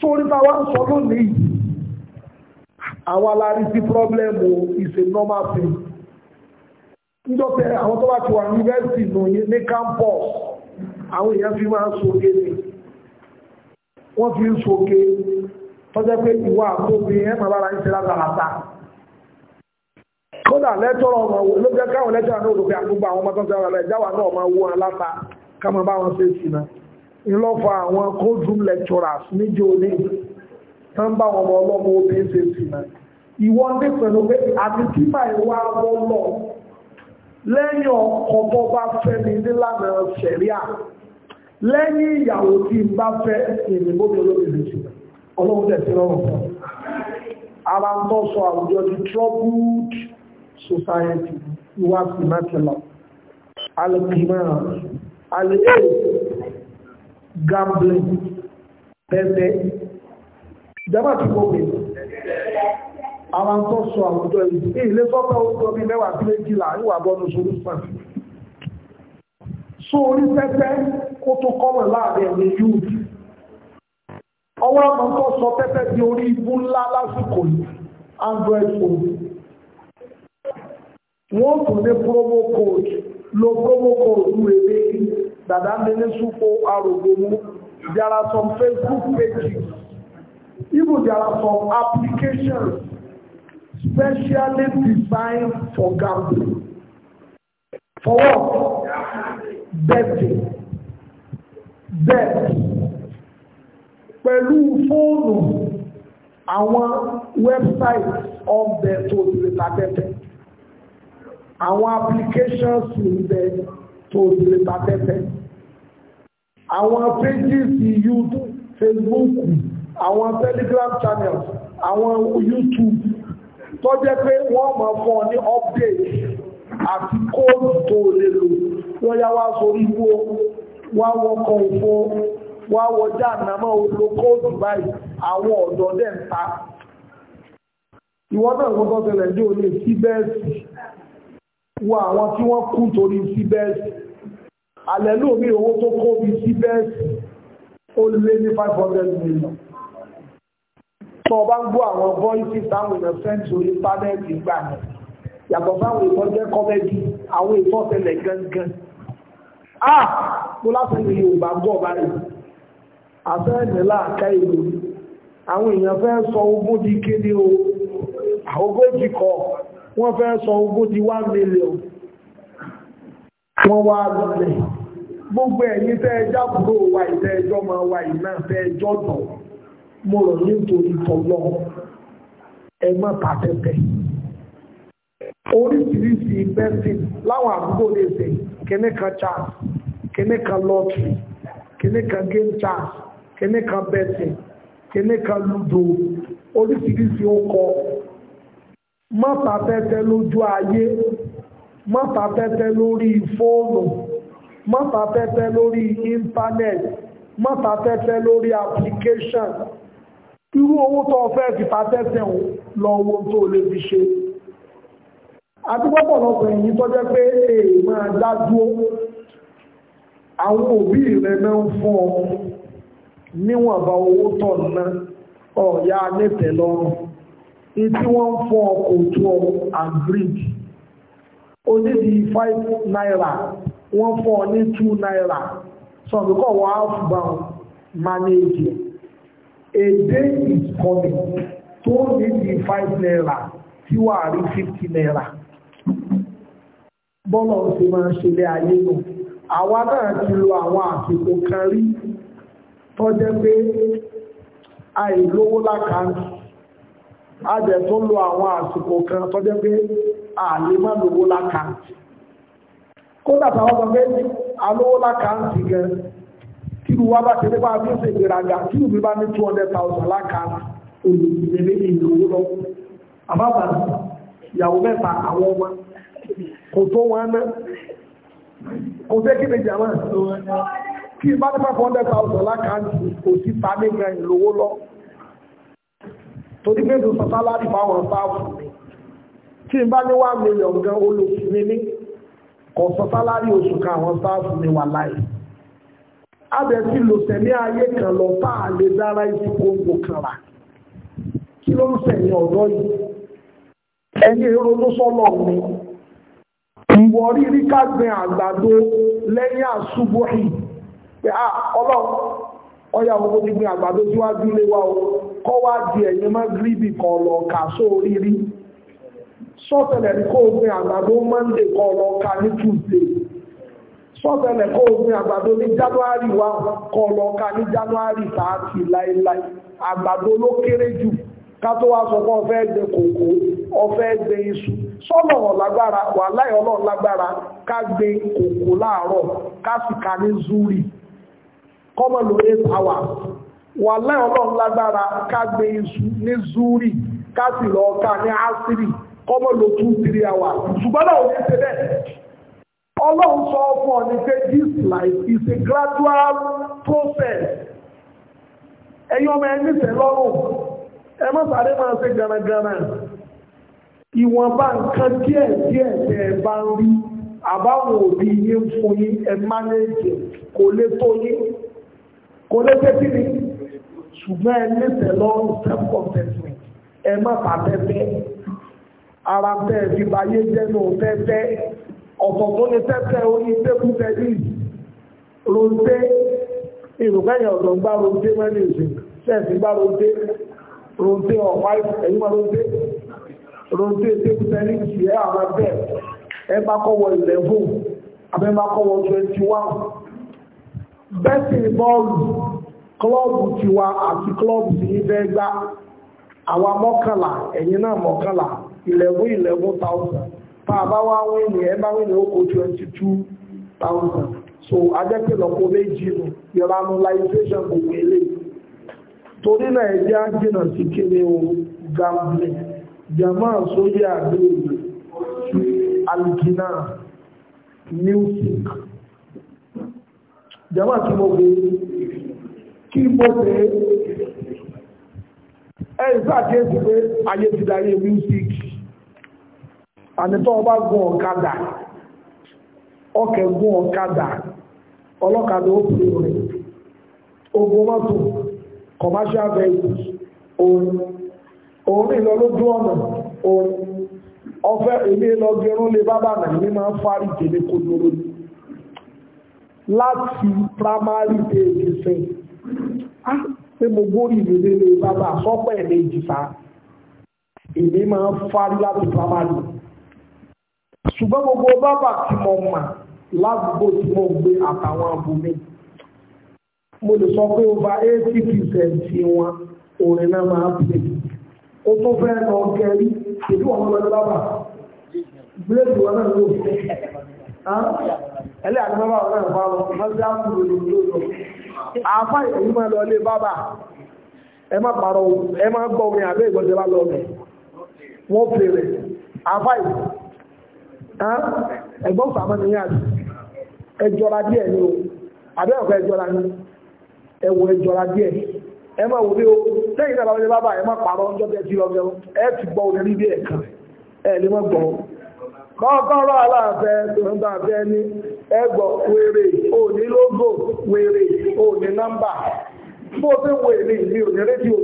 sórí bá wá ń sọ lónìí àwọn alárí sí pírọ́blẹ́mù ìṣe normal thing níjọ́pẹ́ àwọn tó bá ti wà ní yunifásitì ní campus àwọn èèyàn fi máa ń sókè ní wọ́n fi ń sókè tọ́jẹ́ pé ìwà àkóbi ẹ̀ máa bára ń ṣe lásàlásà kódà lẹ́tọ́rọ̀ ọmọ wo ló jẹ́ káwọn lẹ́tọ́rọ̀ náà olùkọ́ àgbúgbà àwọn ọmọ tó ń sẹ́wà lẹ́jáwà náà máa wó wọn láta ká máa bá wọn ṣe ìsìn náà ìlọ́fà àwọn coldroom lecturers méjì òní tán bá wọn ọlọ́mọ obìnrin ṣe sì náà ìwọ́n dé pẹ̀lú pé àti kí máa wá wọ́n lọ lẹ́yìn ọkọ bọ́ bá fẹ́ mi nílànà ṣẹ̀ríà lẹ́yìn ìyàwó tí n bá fẹ́ ìrìnbó mi olóbìnrin sí ọlọ́run dẹ̀ sí lọ́rùn fún ara ń tọ́ sọ àwùjọ di troubled society ìwà sí mẹ́tẹ̀lá alẹ́kìmọ́ alẹ́ gambling tẹ́tẹ́ ìjọba tí kò pè àwọn tó sọ àwùjọ yìí ilé sọ́pẹ́ oúnjẹ bí mẹ́wàá tí méjìlá ìwà bọ́nu sórí pẹ̀lú so orí tẹ́tẹ́ kó tó kọ́mọ̀ láàrin ẹ̀mí yúù ọwọ́ àwọn tó sọ tẹ́tẹ́ di orí ibú ńlá lásìkò yìí android phone wọ́n tún ní promo code lo promo code wèé dàdá nílé súpó arògbòmú there are some Facebook pages even there are some applications specially designed for gambling for what betting bet pẹ̀lú fóònù àwọn website ọ̀bẹ tó lè tàbẹ̀tẹ̀ àwọn applications in bẹ to lè tàbẹ̀tẹ̀ àwọn pages YouTube Facebook àwọn Telegram channels àwọn YouTube tó jẹ́ pé wọ́n máa fún ọ ní update àti kóòdù tó lè lò wọ́n yá wá sórí igbó wá wọkọ̀ òfo wá wọjá ànàmọ́ olo kóòdù báyìí àwọn ọ̀dọ́ dẹ̀ ń ta ìwọ́n náà gbọ́dọ̀ tẹ̀lẹ̀ ní òní síbẹ̀ẹ̀sì wọ àwọn tí wọ́n kú alẹ́ lómi owó tó kó bí sí bẹ́ẹ̀sì ó lé ní 500 million tó bá ń gbọ́ àwọn voices táwọn èèyàn send sórí pánẹ́ẹ̀tì gbà náà yàtọ̀ sáwọn èèyàn jẹ́ kọ́mẹ́dì àwọn èèyàn tẹ̀lẹ̀ gangan ah mo láti ní Yorùbá gbọ́ báyìí àfẹ́ẹ̀mí láàká ìlú àwọn èèyàn fẹ́ sọ ogún di kéde o ogójì kọ wọ́n fẹ́ sọ ogún di 1 million wọ́n wá lulẹ̀ gbogbo ẹ̀yin tẹ́ ẹjá kúrò wa ìtẹ́ ẹjọ́ máa wa ìná tẹ́ ẹjọ́ dàn mo rọ̀ yín torí tọ́lọ́ ẹ má ta tẹ́tẹ́ oríṣiríṣi bẹ́sìn láwọn àdúgbò lè ṣe kíní kan chance kíní kan kíní kan ludo oríṣiríṣi má tẹ́tẹ́ lójú ayé má má ta tẹ́tẹ́ lórí internet má ta lórí application irú owó tó fẹ́ fi ta tẹ́tẹ́ lọ wo tó lè fi ṣe adúgbọ́pọ̀lọpọ̀ ẹ̀yìn tó jẹ́ pé èè máa dájú àwọn òbí rẹ̀ náà ń fún ọ níwọ̀nba owó tọ̀ ná ọ̀yá nítẹ̀lọ́rùn ìtí wọ́n ń fún ọ kò tó ọ àgbíríjì ó ní di five naira wọ́n fún ọ ní two naira so because wọ́n á fún ọ manage it a day is coming tó ní di five naira tí wàá rí fifty naira bọ́lọ̀ ṣe máa ń ṣẹlẹ̀ ayé nù àwa náà ti lo àwọn àsìkò kan rí tọ́jẹ́ pé àìlówó lákàntì àjẹ̀ tó lo àwọn àsìkò kan tọ́jẹ́ pé àlè má lówó lákàntì kódà táwọn ọmọ méjì alówó lákàntì gan kíru wá bá ti nípa bí ó ṣe ìgbéraga kíru mi bá ní two hundred thousand lákàntì olùdílé ní ìlówó lọ àbábà ìyàwó mẹ́ta àwọn ọmọ kò tó wọn ná kò tẹ́ kí ni jàmá kí n bá ní five hundred thousand lákàntì kò sí ta ní gan ìlówó lọ torí pé ètò sọ́tà láti fáwọn sáà mi tí n bá ní one million gan olùsìn ní kò sọ sálárì oṣù kan àwọn sáàfù mi wà láì bẹ̀ tí lo sẹ̀mí ayé kan lọ tá a lè dára iṣu kóńgò kan rà kí ló ń sẹ̀yìn ọ̀dọ́ yìí ẹni èrò ló sọ́lọ̀ mi ìwọ rírí rí gbin àgbàdo lẹ́yìn àṣubú yìí ah, ọyà ti gbin àgbàdo síwájú wa o kọ́ wá di ẹ̀yìn mọ́ kan lọ kà sọ́tẹ̀lẹ̀ kó gbin àgbàdo mọ́ndé kọ́ lọ ká ní tuesday sọ́tẹ̀lẹ̀ kó gbin àgbàdo ní january wá kọ́ lọ ká ní january tààtì àgbàdo ló kéré jù ká tó wá sọ pé ọfẹ́ kòkó ọfẹ́ gbé isu. sọ́nà ọ̀lágbára wà láì ọlọ́ọ̀lágbára ká gbé kòkó láàárọ̀ ká sì ká ní zuri kọ́mọ́ lo two three hours ṣùgbọ́n náà òun ṣe bẹ́ẹ̀ ọlọ́run sọ fún ọ ní pé this life is a gradual process ẹ̀yin ọmọ ẹni tẹ̀ lọ́rùn ẹ má sáré máa ṣe garagara ìwọ̀nba nǹkan díẹ̀ díẹ̀ tẹ̀ ẹ bá ń rí àbáwọn òbí yín fún yín ẹ mánéèjì kò lè tó yín kò lè tẹ́ sí ni ṣùgbọ́n ẹni tẹ̀ lọ́rùn self-contentment ẹ má bàtẹ́ bẹ́ẹ̀. ara tẹ́ fi báyé jẹ́nu tẹ́tẹ́ ọ̀tọ̀ tó ní tẹ́tẹ́ orí tẹ́kù tẹ́lì ronté ìrùkẹ́yìn ọ̀dọ̀ ń ìsìn sẹ́ẹ̀sì gbá ronté ronté ọ̀pá ẹ̀yìn máa ronté ronté tẹ́kù tẹ́lì ara ẹ bá bá 21 bẹ́sìn bọ́ọ̀lù tiwa àti àwa náà eleven eleven thousand tá a bá wá wí ni ẹ bá wí ni ó twenty two thousand so ajẹ́pẹ̀ lọ́pọ̀ méjì nù ìranulization gbogbo eléyìí torí náà ẹ jẹ́ àjìnà sí kéré o gambling jama sóyè àdéhùn alìkínà music jama tí mo gbé kí mo gbé ẹ ìsáàkéèsì pé ayé ti darí music ànitọ́ ọba gun ọ̀kadà ọkẹ̀ gun ọ̀kadà ọlọ́kadà ó pè rẹ̀ ogun mọ́tò commercial vehicles orin orin lọ lójú ọ̀nà orin ọfẹ́ èmi lọ gẹrún lé bábà náà ní máa ń fárí tèmi kó lóró láti primary day ìsìn ah pé mo gbórí ìrèlè bábà sọ́pẹ̀ ẹ̀mẹ́jì sá èmi máa ń fárí láti primary day ṣùgbọ́n gbogbo bábà tí mo mà ládùúgbò tí mo gbé àtàwọn abúlé mo lè sọ pé over eighty percent wọn orin náà máa pè ó tó fẹ́ lọ kẹrí ìlú ọ̀nà lọ́dọ́ bábà bíléèdì wọn náà lò ẹlẹ́ àti bábà wọn náà fáwọn mọ́sí àkùrù lòdò lọ àáfà ìlú máa lọ lé bábà ẹ má pàrọ̀ ẹ má gbọ́ orin àbẹ́ ìgbọ́jẹ́ bá lọ rẹ̀ wọ́n fèrè àáfà ìlú ẹ̀gbọ́n fàmọ́ ni yá ẹjọ́ra díẹ̀ ni o àbẹ́ ọ̀fẹ́ ẹjọ́ra ni ẹwọ ẹjọ́ra díẹ̀ ẹ máa wò ní o lẹ́yìn náà lọ́wọ́ bá ẹ máa pààrọ̀ ọjọ́ bẹ́ẹ̀ tí lọ gẹ́wọ́ ẹ ti gbọ́ òní níbi ẹ̀kan ẹ lè má kọ́kọ́rọ́ aláàfẹ́ fẹ́ ní wèrè òní lógò wèrè òní nọ́mbà bó mi ò ní rédíò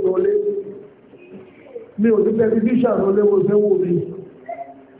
mi ò ní tẹlifíṣàn ṣe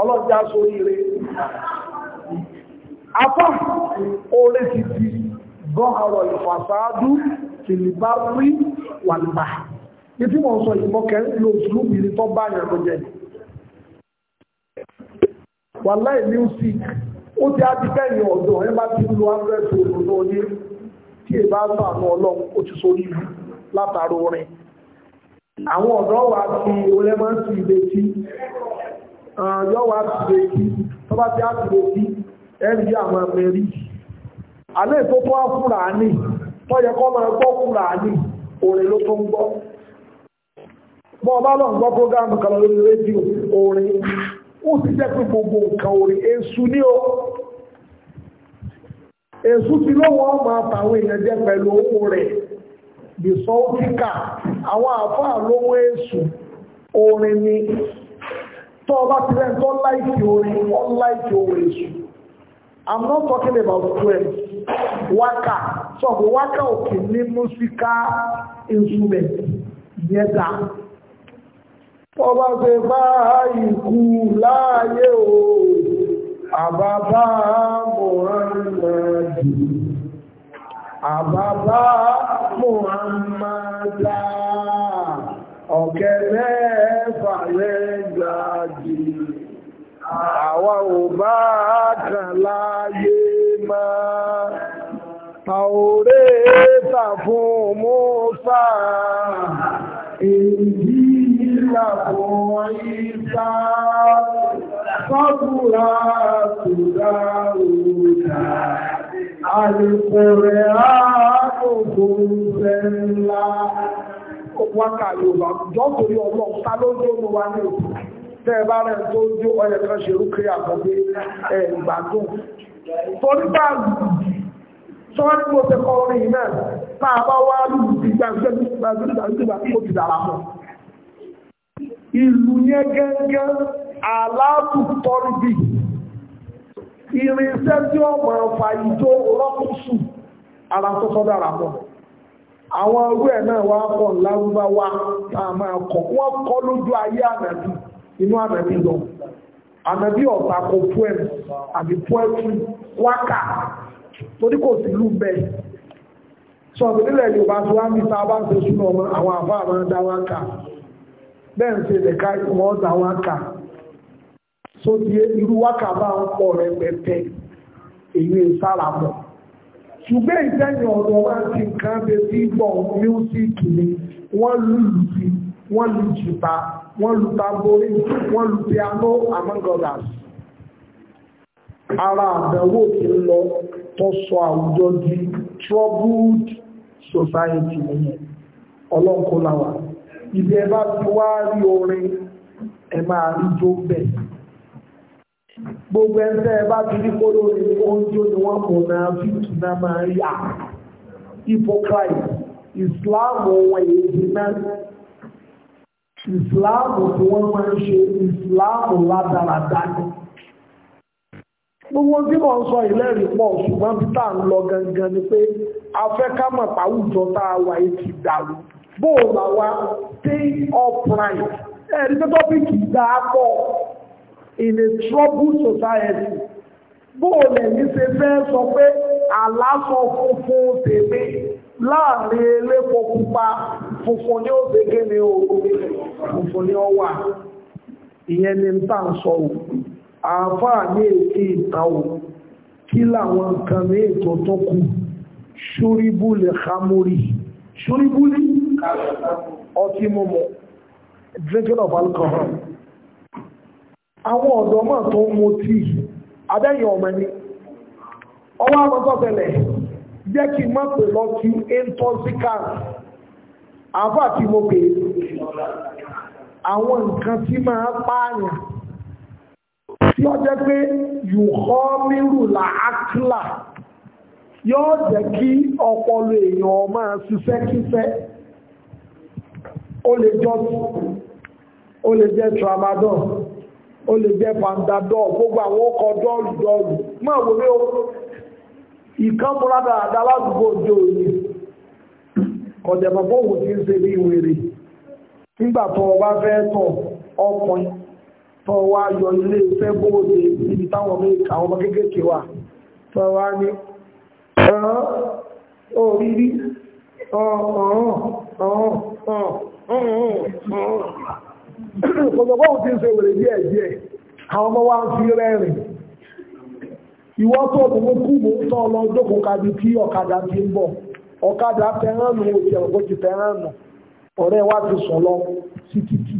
ọlọ́jà sórí rẹ̀ apá orí ti di gọ́ọ̀rọ̀ ìfàsáádú tìlìbá rí wàlùbà ní tí wọ́n sọ ìmọ́kẹ́ ló sùlù ìrìn tó bá yẹn tó jẹ wàláì music ó ti adìgbẹ̀yìn ọ̀dọ̀ ẹ bá ti lu áńdẹ́sì òdòdó ní tí è bá sàánú ọlọ́run ó ti sórí ìlú látàrí orin àwọn ọ̀dọ́ wa ti olẹ́mọ́sí ilé tí yọ́wà tìrẹ kí tó bá ti á tìrẹ kí ẹ̀rí àmà mẹ́rí alẹ́ tó ní máa ní orin ló tó ń gbọ́ bọ́ ọba lọ gbọ́ prógámù kan lórí rédíò orin ó ti pé gbogbo nǹkan orin èṣù o èṣù ti èèyàn owó àwọn àfáà lówó èṣù ni tó ọba ti rẹ̀ tó láìkì orin wọ́n láìkì owó èṣù i'm not talking about twelve wákà so the wákà òkè ní musical instrument yẹn dá ọba ṣe bá ikú láàyè o àbábá Muhammadu àbábá Muhammadu ọ̀kẹ́ mẹ́fà lẹ́gbà jì àwa ò bá kàn láyé máa àwòrẹ́ ètà fún mọ́fà èyí ìlà fún ìsá sọ́kùnrà tòdá òòdà àlèkò rẹ̀ àkókò rẹ̀ ńlá wákà yorùbá jọ́kòrí ọlọ́run ta ló dé ní wa ní òkú tẹ́ ẹ bá rẹ̀ tó jó ọyẹ kan ṣe rúkẹ́ àkọ́gbé ẹ̀ ìgbàdùn torí bá lùdì sọ́ọ́rí mo ti kọ́ orin náà tá a bá wá lùdì gbàgbẹ́gbàgbẹ́gbà ó ti dára mọ́ ìlú yẹn gẹ́gẹ́ aláàbù tọ́rí bì irinṣẹ́ tí ọmọ ọ̀fà ìjó rọ́kùsù ara tó sọ́dára mọ́ àwọn ọrú ẹ̀ náà wá kọ̀ lárúbáwá náà máa kọ̀ wọ́n kọ́ lójú ayé ànàbí inú ànàbí lọ ànàbí ọ̀tà kò poem àbí poetry wákà torí kò sí lù bẹ́ẹ̀ sọ̀rọ̀ nílẹ̀ yorùbá tó wá ní ta bá ń ṣe súnà ọmọ àwọn àfáà máa dá wákà bẹ́ẹ̀ ń ṣe lẹ̀ka wọ́n dá wákà sódìé irú wákà bá ń pọ̀ rẹpẹtẹ èyí ń sára mọ́ ṣùgbẹ́ ìtẹ́yìn ọ̀dọ̀ máa ti nǹkan bẹ sí bọ̀ míúsíkì ni wọ́n lùlù sí wọ́n lù jìbá wọ́n lù tamborí wọ́n lù piano among others ara àdánwò tí ń lọ tó sọ àwùjọ di troubled society nìyẹn ọlọ́nkọláwà ibi ẹ bá ti wá rí orin ẹ máa rí jó bẹ́ẹ̀ gbogbo ẹ̀ńtẹ́ bá ti ní kó lórí oúnjẹ ni wọ́n mọ̀ náà fi kìnnà máa yà hypocrite Islam wọn èdè náà Islam tí wọ́n máa ń ṣe Islam ládàradà ni gbogbo tí mo ń sọ ìlẹ́rìí pọ̀ ṣùgbọ́n bí tá à ń lọ gangan ni pé a fẹ́ ká mọ̀ pàwùjọ tá a wà yìí ti dàrú bóòlù àwa stay upright ẹ̀ẹ́dẹ́gbẹ́tọ́ bí kì í dáa pọ̀ in a troubled society bóòlẹ̀ ní ṣe fẹ́ sọ pé àlásọ funfun tèmi láàrin elépo pupa funfun ní òṣè gẹ́ni funfun ní ọwà ìyẹn ni ń tà ń sọ̀rọ̀ àáfàá ní èké ìtawò kí làwọn nǹkan ní ètò tó kù ṣúríbùlẹ̀ hamori ṣúríbùlẹ̀ ọtí mímu drinking of alcohol àwọn ọ̀dọ́ mọ̀ tó ń mo tí abẹ́yìn ọmọ ni ọwọ́ àmọ́sọ́sẹ̀lẹ̀ jẹ́ kí mọ́ pè lọ sí intoxicant àfà tí mo pè àwọn nǹkan tí máa pààyàn tí ó jẹ́ pé yùkọ́ mírù làákìlà yóò jẹ́ kí ọpọlọ èèyàn máa ṣiṣẹ́ kíṣẹ́ ó lè jọ ó lè jẹ́ tramadol ó lè jẹ́ pandadol gbogbo àwọn ọkọ̀ dọ́ọ̀lù dọ́ọ̀lù máa wò ní o ìkan múra dáadáa ládùúgbò òjò òní kọ̀dẹ̀mọ̀ fóòwò tí ń ṣe bí wèrè nígbà tó o bá fẹ́ tọ̀ ọkùnrin tó wá yọ ilé iṣẹ́ bóde níbi táwọn mẹ́ka àwọn ọmọ kéékèèké wà tó wá ní ẹ̀rán òrírí ọ̀hún ọ̀hún ọ̀hún ọ̀hún ọ̀hún ọ̀pọ̀lọpọ̀ ti ń ṣe wèrè díẹ̀ díẹ̀ àwọn ọmọ wa ń fi rẹ́rìn ìwọ́ tó ọmọ kú mú tán ti nù wa ti lọ sí títì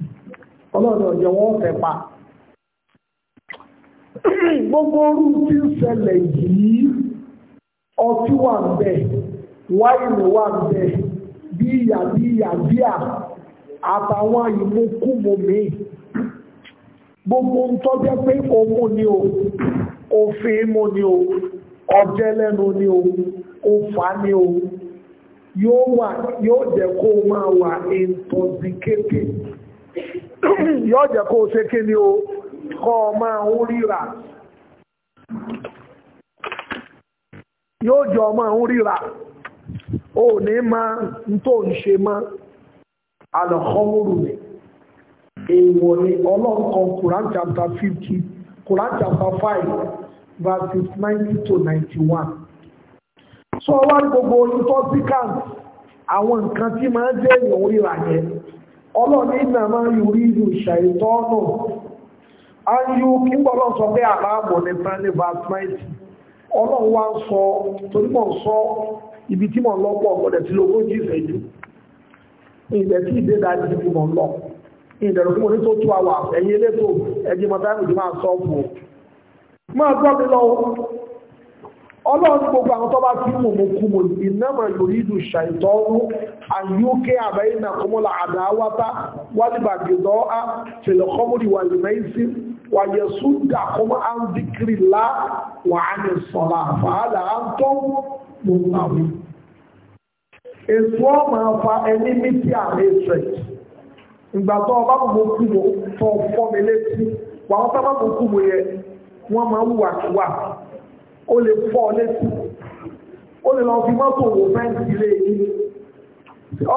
gbogbo ń ṣẹlẹ̀ yìí ọtí wà ń bẹ̀ wáìnì wà ń bẹ̀ àtàwọn ìmúkúmù mi gbogbo ń tọ́jẹ́ pé omú ni o òfin mú ni o ọjẹ́ lẹ́nu ni o òfà ni o yóò wà yóò jẹ́ kó máa wà intoxicated yóò jẹ́ kó ṣe kí ni o kọ́ máa ń ríra yóò jọ máa ń ríra o ní máa ń tó ń ṣe máa alọ́kọ́mùrù rẹ̀ èèwọ̀ Quran chapter fifty Quran chapter five verses ninety to ninety one sọ wá gbogbo intoxicant àwọn nǹkan tí máa ń jẹ́ èèyàn ríra yẹn ọlọ́run ní máa ń yorí ìlú ṣàìtọ́ náà ayú sọ sọ torí mọ̀ ibi tí mọ̀ ń lọ́pọ̀ ọ̀gbọ́dẹ̀ tí ilẹ̀ tí ìdé dájú ti mọ̀ lọ ìdẹ̀rù fún oní tó tú àwà ẹ̀yìn elétò ẹ̀jẹ̀ mọ̀tàmì ti máa sọ fún máa gbọ́ mi lọ ọlọ́run gbogbo àwọn tó bá fi mọ̀ mọ̀ kú mọ̀ ìnáma lórí ìlú ṣàìtọ́rú àyúkẹ́ àbáyé na kọmọlá àdáwátá wálìbàgbèdọ́ á tẹ̀lẹ̀kọ́mùrì wà lè mẹ́sí wà yẹ súdà kọmọ á ń díkìrì lá wà á ní sọ̀rọ̀ àfàálà á ń tọ́ mọ̀ àwọn èso ọmọ afa ẹni mi ti àmì ìfẹ́ ìgbà tó ọba gbogbo kú mo fọ fọ mi létí wà wọn sábà gbogbo kú mo yẹ wọn máa ń wà kí wà ó lè fọ ọ létí ó lè lọ fi mọ́tò wò fẹ́ǹsì lé yìí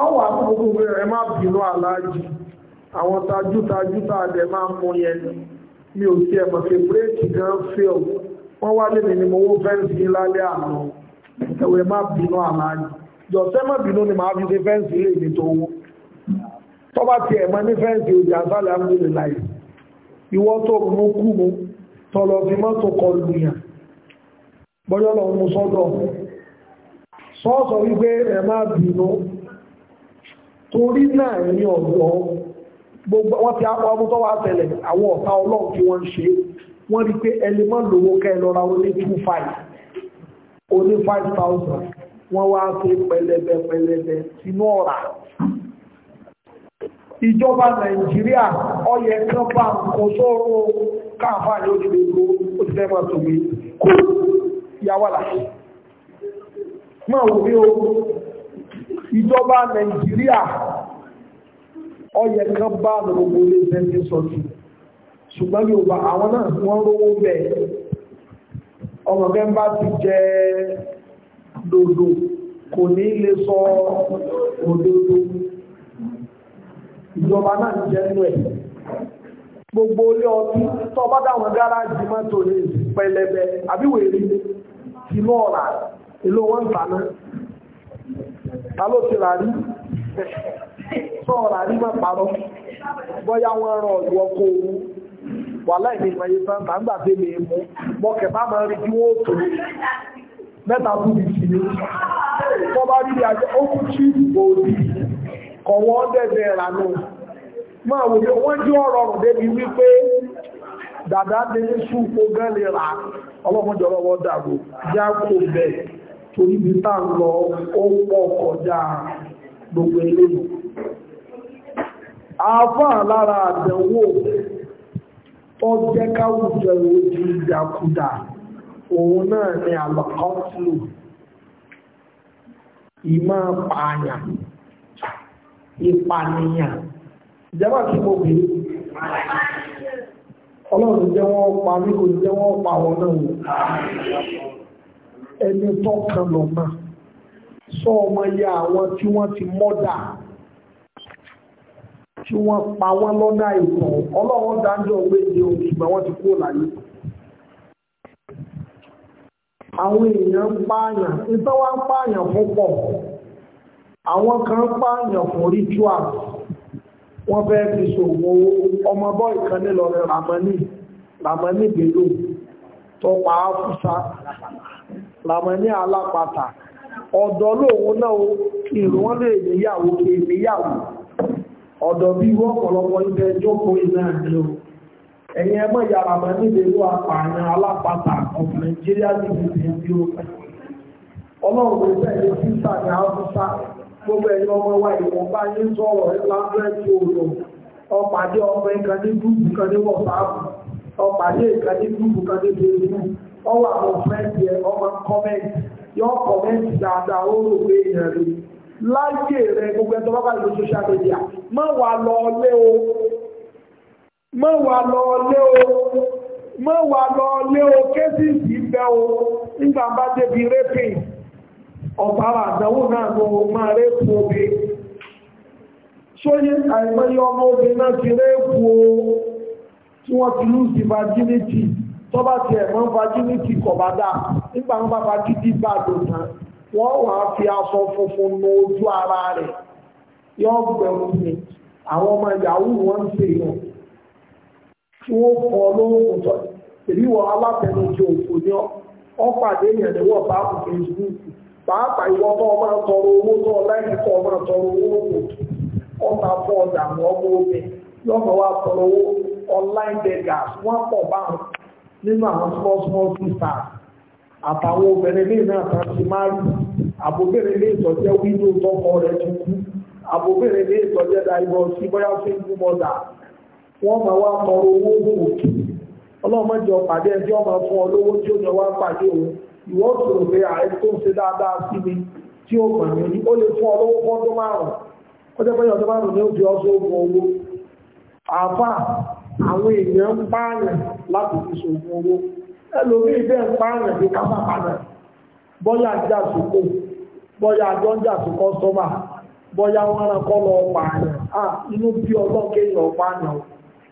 ọwọ́ àkókò gbogbo rẹ̀ má bínú aláàjì àwọn tajútajú tá a dẹ̀ máa mú yẹn mi ò tiẹ̀ mọ̀ pé bírèkì gan fail wọ́n wá lé mi ni mo wó fẹ́ǹsì lálẹ́ àná ẹ̀wẹ̀ má bínú aláàjì jọ̀sẹ́mọ̀ bínú ni have fi ṣe fẹ́ǹsì lè ní to owó tọ́ba ti ẹ̀mọ́ ní fẹ́ǹsì òdì àṣálẹ̀ àmúlè láì ìwọ́ tó mú kú mu tọ̀lọ̀ fi mọ́tò kọ lùyàn bọ́yọ́ lọ mú sọ́dọ̀ sọ́ọ̀sọ̀ wípé ẹ̀mọ́ bínú torí náà ní ọ̀dọ́ gbogbo wọ́n ti àwọn ọmọ tó wá tẹ̀lẹ̀ àwọn ọ̀tá ọlọ́run tí wọ́n ń ṣe wọ́n rí pé ẹni mọ́ lówó kẹ́ lọ́ra ó ní two five, ó ní thousand wọ́n wá ké pẹlẹbẹ pẹlẹbẹ sínú ọ̀rá ìjọba nàìjíríà ọyẹ kan bá nǹkan sọ̀rọ̀ káàfà ní òjìlẹ̀ ìlú ó ti fẹ́ẹ́ máa tòmí kó yàwó àlàyé máa wò ní o ìjọba nàìjíríà ọyẹ kan bá gbogbo ilé iṣẹ́ ti sọ ṣùgbọ́n ní ọba àwọn náà wọ́n rówó bẹ́ẹ̀ ọmọ gẹ́gbà ti jẹ́ Dodo kò ní lè sọ òdodo ìjọba náà nú ẹ̀ gbogbo ilé ọdún tó bá dáwọn gáràjì mọ́tò ní pẹlẹbẹ àbíwèrí sínú ọ̀rà èlò wọn tàná ta ló ti rà rí sọ ọ̀rà rí parọ́ bọ́yá wọn rán wà mẹ́ta tó bí sí tó bá rí àjẹ́ ókú tí òdì kọ̀wọ́ dẹ̀dẹ̀ ìrànú máa wò pé wọ́n jí ọ̀rọ̀ rùn débi wípé dàdá dé ní súnpọ̀ gan rà ọlọ́mọdọ̀rọ̀ wọ́n dàgbò já bẹ̀ torí bí tá lọ òun náà ni àlọ́kọ́tìlù ìmọ̀ pààyàn ìpànìyàn ìjọba tí mo bèèrè ọlọ́run jẹ́ wọ́n pa mí kò jẹ́ wọ́n pa wọn náà ẹni tó kan lọ mọ́ sọ ọmọ ya àwọn tí wọ́n ti mọ́dà tí wọ́n pa wọ́n lọ́nà ìtàn ọlọ́run dájọ́ gbé jẹun ṣùgbọ́n wọ́n ti kúrò láyé àwọn èèyàn ń pààyàn ìtọ́ wá ń pààyàn fún pọ̀ àwọn kan pààyàn fún ritual wọ́n fẹ́ fi ṣòwò ọmọ bọ́ì kan rẹ̀ ramani ramani bello tó pa áfúsá ramani alápàtà ọ̀dọ́ lóòun náà ìrún lè níyàwó kì í níyàwó ọ̀dọ̀ bí wọ́n ọ̀pọ̀lọpọ̀ ibẹ̀ jókòó iná àdéhùn ẹ̀yin ẹmọ́ yàrá mọ́ níbi ìlú apààyàn alápàtà of Nigeria níbi ìlú ọ̀pẹ. ọlọ́run ló bẹ̀rẹ̀ ní ní haúsá gbogbo ẹ̀yin ọmọ wa ìwọ̀n bá sọ̀rọ̀ lábẹ́ẹ̀tì ọpàdé ọmọ ní kan ní ọpàdé ní kan ní ọwọ́ àwọn ẹ ọmọ kọ́mẹ́ǹtì yọ kọ́mẹ́ǹtì dáadáa ó rò pé èèyàn rè láyé rẹ gbogbo bá bá lè má o mọ́wà lọ lọ lé o kéṣìsì bẹ́ o nígbà bá débi na ọ̀pára àdánwò náà ló máa répù obe ọmọ obi náà ti répù o tí virginity tó bá ti ẹ̀mọ́ virginity kọ̀bádà nígbà wọn bá bá gidi bá wọ́n wà ara rẹ̀ àwọn ọmọ yahoo ń ṣèyàn tí wọ́n fọ́ lóògùn tọ́ èyí wọ alátẹnujẹ òfò ní ọ́pàdé èèyàn lẹ́wọ́ báàbù Facebook pàápàá ìwọ ọmọ ọmọ tọrọ owó tó ọmọ tọrọ owó ọta fọ ọjà ọmọ omi lọ́mọ online beggars pọ̀ báwọn nínú àwọn small small sisters àtàwọn obìnrin máa rí àbòbìnrin wíńdò tọkọ rẹ̀ kú àbòbìnrin wọ́n ma wá tọrọ owó lówó kì ọlọ́mọdé pàdé ẹjọ́ máa fún tí ó ní ọwá pàdé òun ìwọ́ sọ̀rọ̀ pé ààrẹ dáadáa sí mi tí ó gbà mí ó lè fún ọlọ́wọ́ lówó márùn-ún ọjọ́ ọdún márùn ogun owó àfà àwọn èèyàn ń pààyàn láti fi owó ẹlòmíì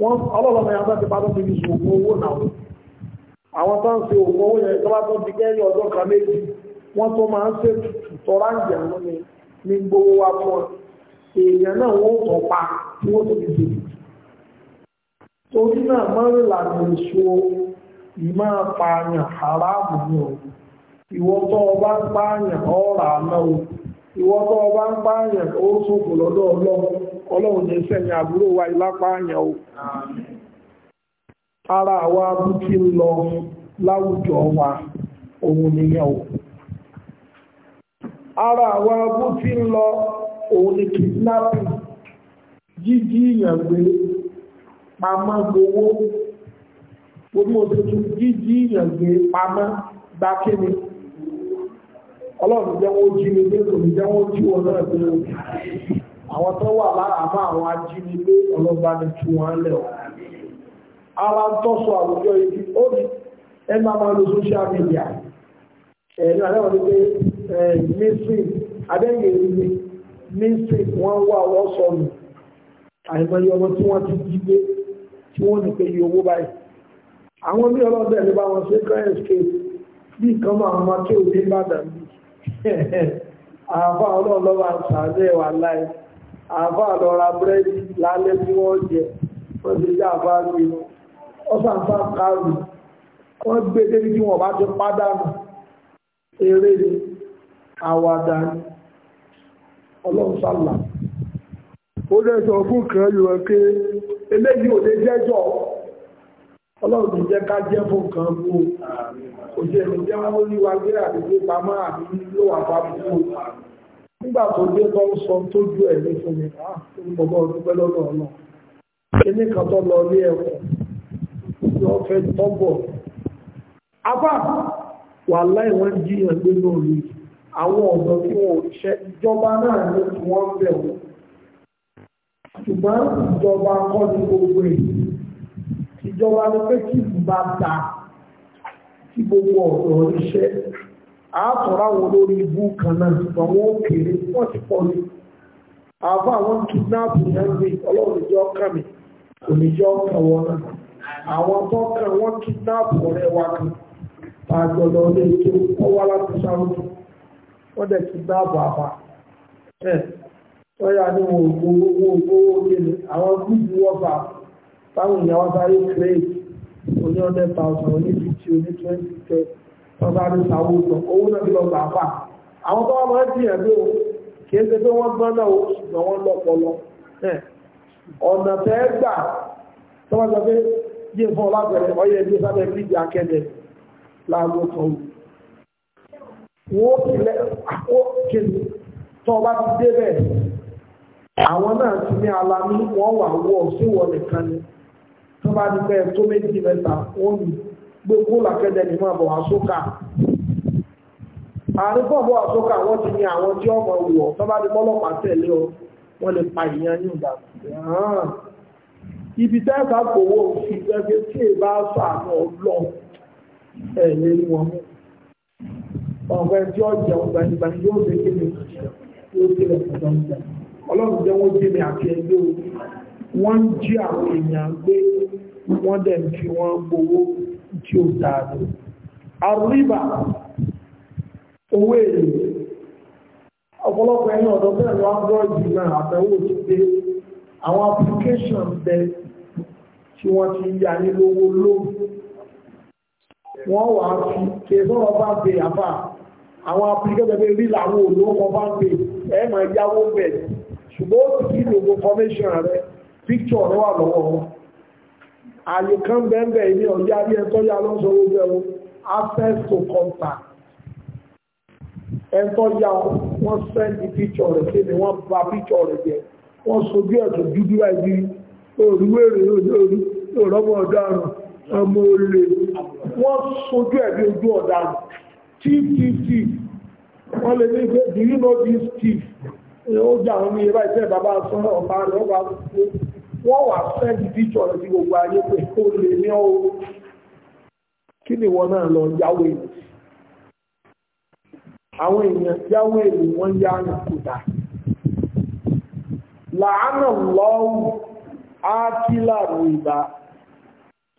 wọ́n ọlọ́lọ́mọ yà sáti bá tó ti fi ṣògbó owó náà àwọn tó ń ṣe ògbó owó yẹn tó bá tó ti kẹ́yìn ọjọ́ kan méjì wọ́n tó máa ń ṣe tọ́ra ń jẹ̀ lọ́nà ní gbowó wa fún ọ èèyàn náà wọ́n tọ̀ pa tí wọ́n tó ti ṣe torí náà mọ́rìnlá ní ìṣó ìmọ̀ apààyàn aráàmù ni ò ìwọ tó o bá ń pààyàn ọ̀rà náà ìwọ tó o bá ń pààyàn ó ṣòfò lọ́dọ̀ ọlọ́run ọlọ́run ní sẹ́yìn àbúrò wa ilápá àyàn o ara àwa abú ti ń lọ láwùjọ wa òun nìyẹn o ara àwa abú ti ń lọ òun ni kidnapping jíjí ìyàn gbé pamọ́ gbowó gbogbo òtútù jíjí ìyàn gbé pamọ́ gbá kíni ọlọ́run jẹ́ wọ́n jí mi gbé kò ní jẹ́ wọ́n jí wọn náà gbé o àwọn tó wà lára àmọ́ àwọn ajínigbé ọlọ́gbà ní tú wọn lẹ̀ ọ́ ara ń tọ́sọ àwùjọ ibi ó ní ẹ máa lo social media ẹ̀yìn àlẹ́wọ̀n ní pé mísìn abẹ́yẹ̀ ìlú mísìn wọ́n wà wọ́n sọnù àìmọye ọmọ tí wọ́n ti jí gbé tí wọ́n ní pé iye owó báyìí àwọn mí ọlọ́dẹ̀ ní bá wọn ṣe kọ́ ẹ̀ṣẹ̀ bí nǹkan máa máa tó ní Ìbàdàn bí àbá ọlọ́ọ̀lọ́wà sàárẹ̀ wà láì àfà lọ́ra búrẹ́dì lálẹ́ tí wọ́n jẹ wọ́n ti jẹ́ àfà gbinú ọ̀sánfà kárù wọ́n gbé débi tí wọ́n bá ti pádànù eré ni àwàdà ni ọlọ́run sálà ó lẹ́sọ̀ fún kan yóò ké eléyìí ò lè jẹ́jọ́ ọlọ́run ti jẹ́ ká jẹ́ fún kan bú òṣèlú jẹ́ wọ́n rí wa àdúgbò pamọ́ àbí lówà pamọ́ nígbà tó dé tó ń sọ tójú ẹ̀ ní fún mi ah olùmọ̀gbọ́n ọdúpẹ́ lọ́dọ̀ ọ̀nà kíní kan tó lọ ní ẹ̀kọ́ yóò fẹ́ tọ́bọ̀ abá wà láì wọ́n jiyàn gbé náà rí àwọn ọ̀dọ́ tí wọn ò ṣiṣẹ́ ìjọba náà ló ti wọ́n bẹ̀ wọ́n ṣùgbọ́n ìjọba kọ́ ní gbogbo ẹ̀ ìjọba ni pé kí ìlú ta kí gbogbo ọ̀dọ́ iṣẹ́ àátọ̀rọ̀ àwọn bụ ibú kan náà àwọn òkèèrè wọ́n ti pọ̀ ní àbá àwọn kidnap yẹn gbé ọlọ́run ìjọ kàn mí kò ní jọ kàn wọn náà àwọn tó kàn wọ́n ọ̀rẹ́ wa kan àjọ̀dọ̀ láti wọ́n dẹ̀ àbá ẹ̀ ní owó àwọn táwọn sáré oní oní fìtì oní twenty tọ́ba ní sàwọ́ sọ owó náà bí lọ gbà fà àwọn tó wà máa ń jìyàn bí o kì í ṣe pé wọ́n gbọ́n náà o ṣùgbọ́n wọ́n lọ́pọlọ ọ̀nà tẹ́ gbà tọ́ba sọ pé yé fún ọlábẹ̀rẹ̀ ọyẹ ẹgbẹ́ sábẹ́ bíjì akẹ́dẹ̀ láàrú kan wọ́n ti lẹ́ àkókèlè tọ́ba ti débẹ̀ àwọn náà ti ní alamí wọ́n wà wọ́ sí wọn nìkan ni tọ́ba ti bẹ́ẹ̀ tó méjì mẹ́ta wọ́n yìí gbogbo làkẹ́dẹ̀ ní máa bọ̀ àsókà àárín bọ̀ bọ̀ àsókà wọ́n ti ní àwọn tí ọmọ wọ̀ tó bá di mọ́lọ́pàá tẹ̀lé ọ wọ́n lè pa ìyẹn ní ìgbà ibi tẹ́ẹ̀ta kò wó fi gẹ́gẹ́ tí è bá sàánú ọlọ́ ẹ̀yẹ wọn mú ọ̀gbẹ́ tí ó jẹ ọgbà ìgbà yóò fi kí ni yóò fi lẹ̀ pẹ̀lú ọjà ọlọ́run jẹ́ wọ́n jẹ́ mi àti ẹgbẹ́ o jí àwọn èèyàn gbé wọ́n dẹ̀ fi wọ́n gbowó tí ó dáadé àríbà owó èlò ọ̀pọ̀lọpọ̀ ẹ̀yìn ọ̀dọ́ bẹ́ẹ̀ lọ ándọ́ọ̀dì náà àtẹ̀wò ti pé àwọn application bẹ tí wọ́n ti yà ní lówó ló wọ́n wà fi kèfọ́rọ̀ bá pè àbá àwọn application bẹ rí làwọn olóòkọ bá pè ẹ̀mọ̀ ẹ̀yáwó bẹ̀ ṣùgbọ́n ó ti kí lògbò commission rẹ picture rẹ wà lọ́wọ́ wọn ààyè kan bẹ́ẹ̀ ní ọjọ́ àbí ẹ̀tọ́ yà lọ́sọ gbogbo ẹ̀wọ̀n access to contact ẹ̀tọ́ yà wọ́n send the picture rẹ̀ sí ni wọ́n ba picture rẹ̀ jẹ́ wọ́n sojú ẹ̀tọ́ dúdú àìbí orí wèrè lórí ọmọ ọ̀daràn ọmọ olè wọ́n sojú ẹ̀bí ojú ọ̀daràn thief thief thief wọ́n lè ní ìgbé do you know this thief ó jà wọn ní ibà ìfẹ́ bàbá sọ́nà ọ̀bá rẹ̀ ọba wọ́n wà sẹ́ndì bíjọ rẹ̀ sí gbogbo ayé pé kó lè ní ọ́wọ́ kí ni wọ́n náà lọ yáwó èlò àwọn èèyàn yáwó èlò wọ́n yá àyàn kò làánà lọ́wọ́ á kílà rìbá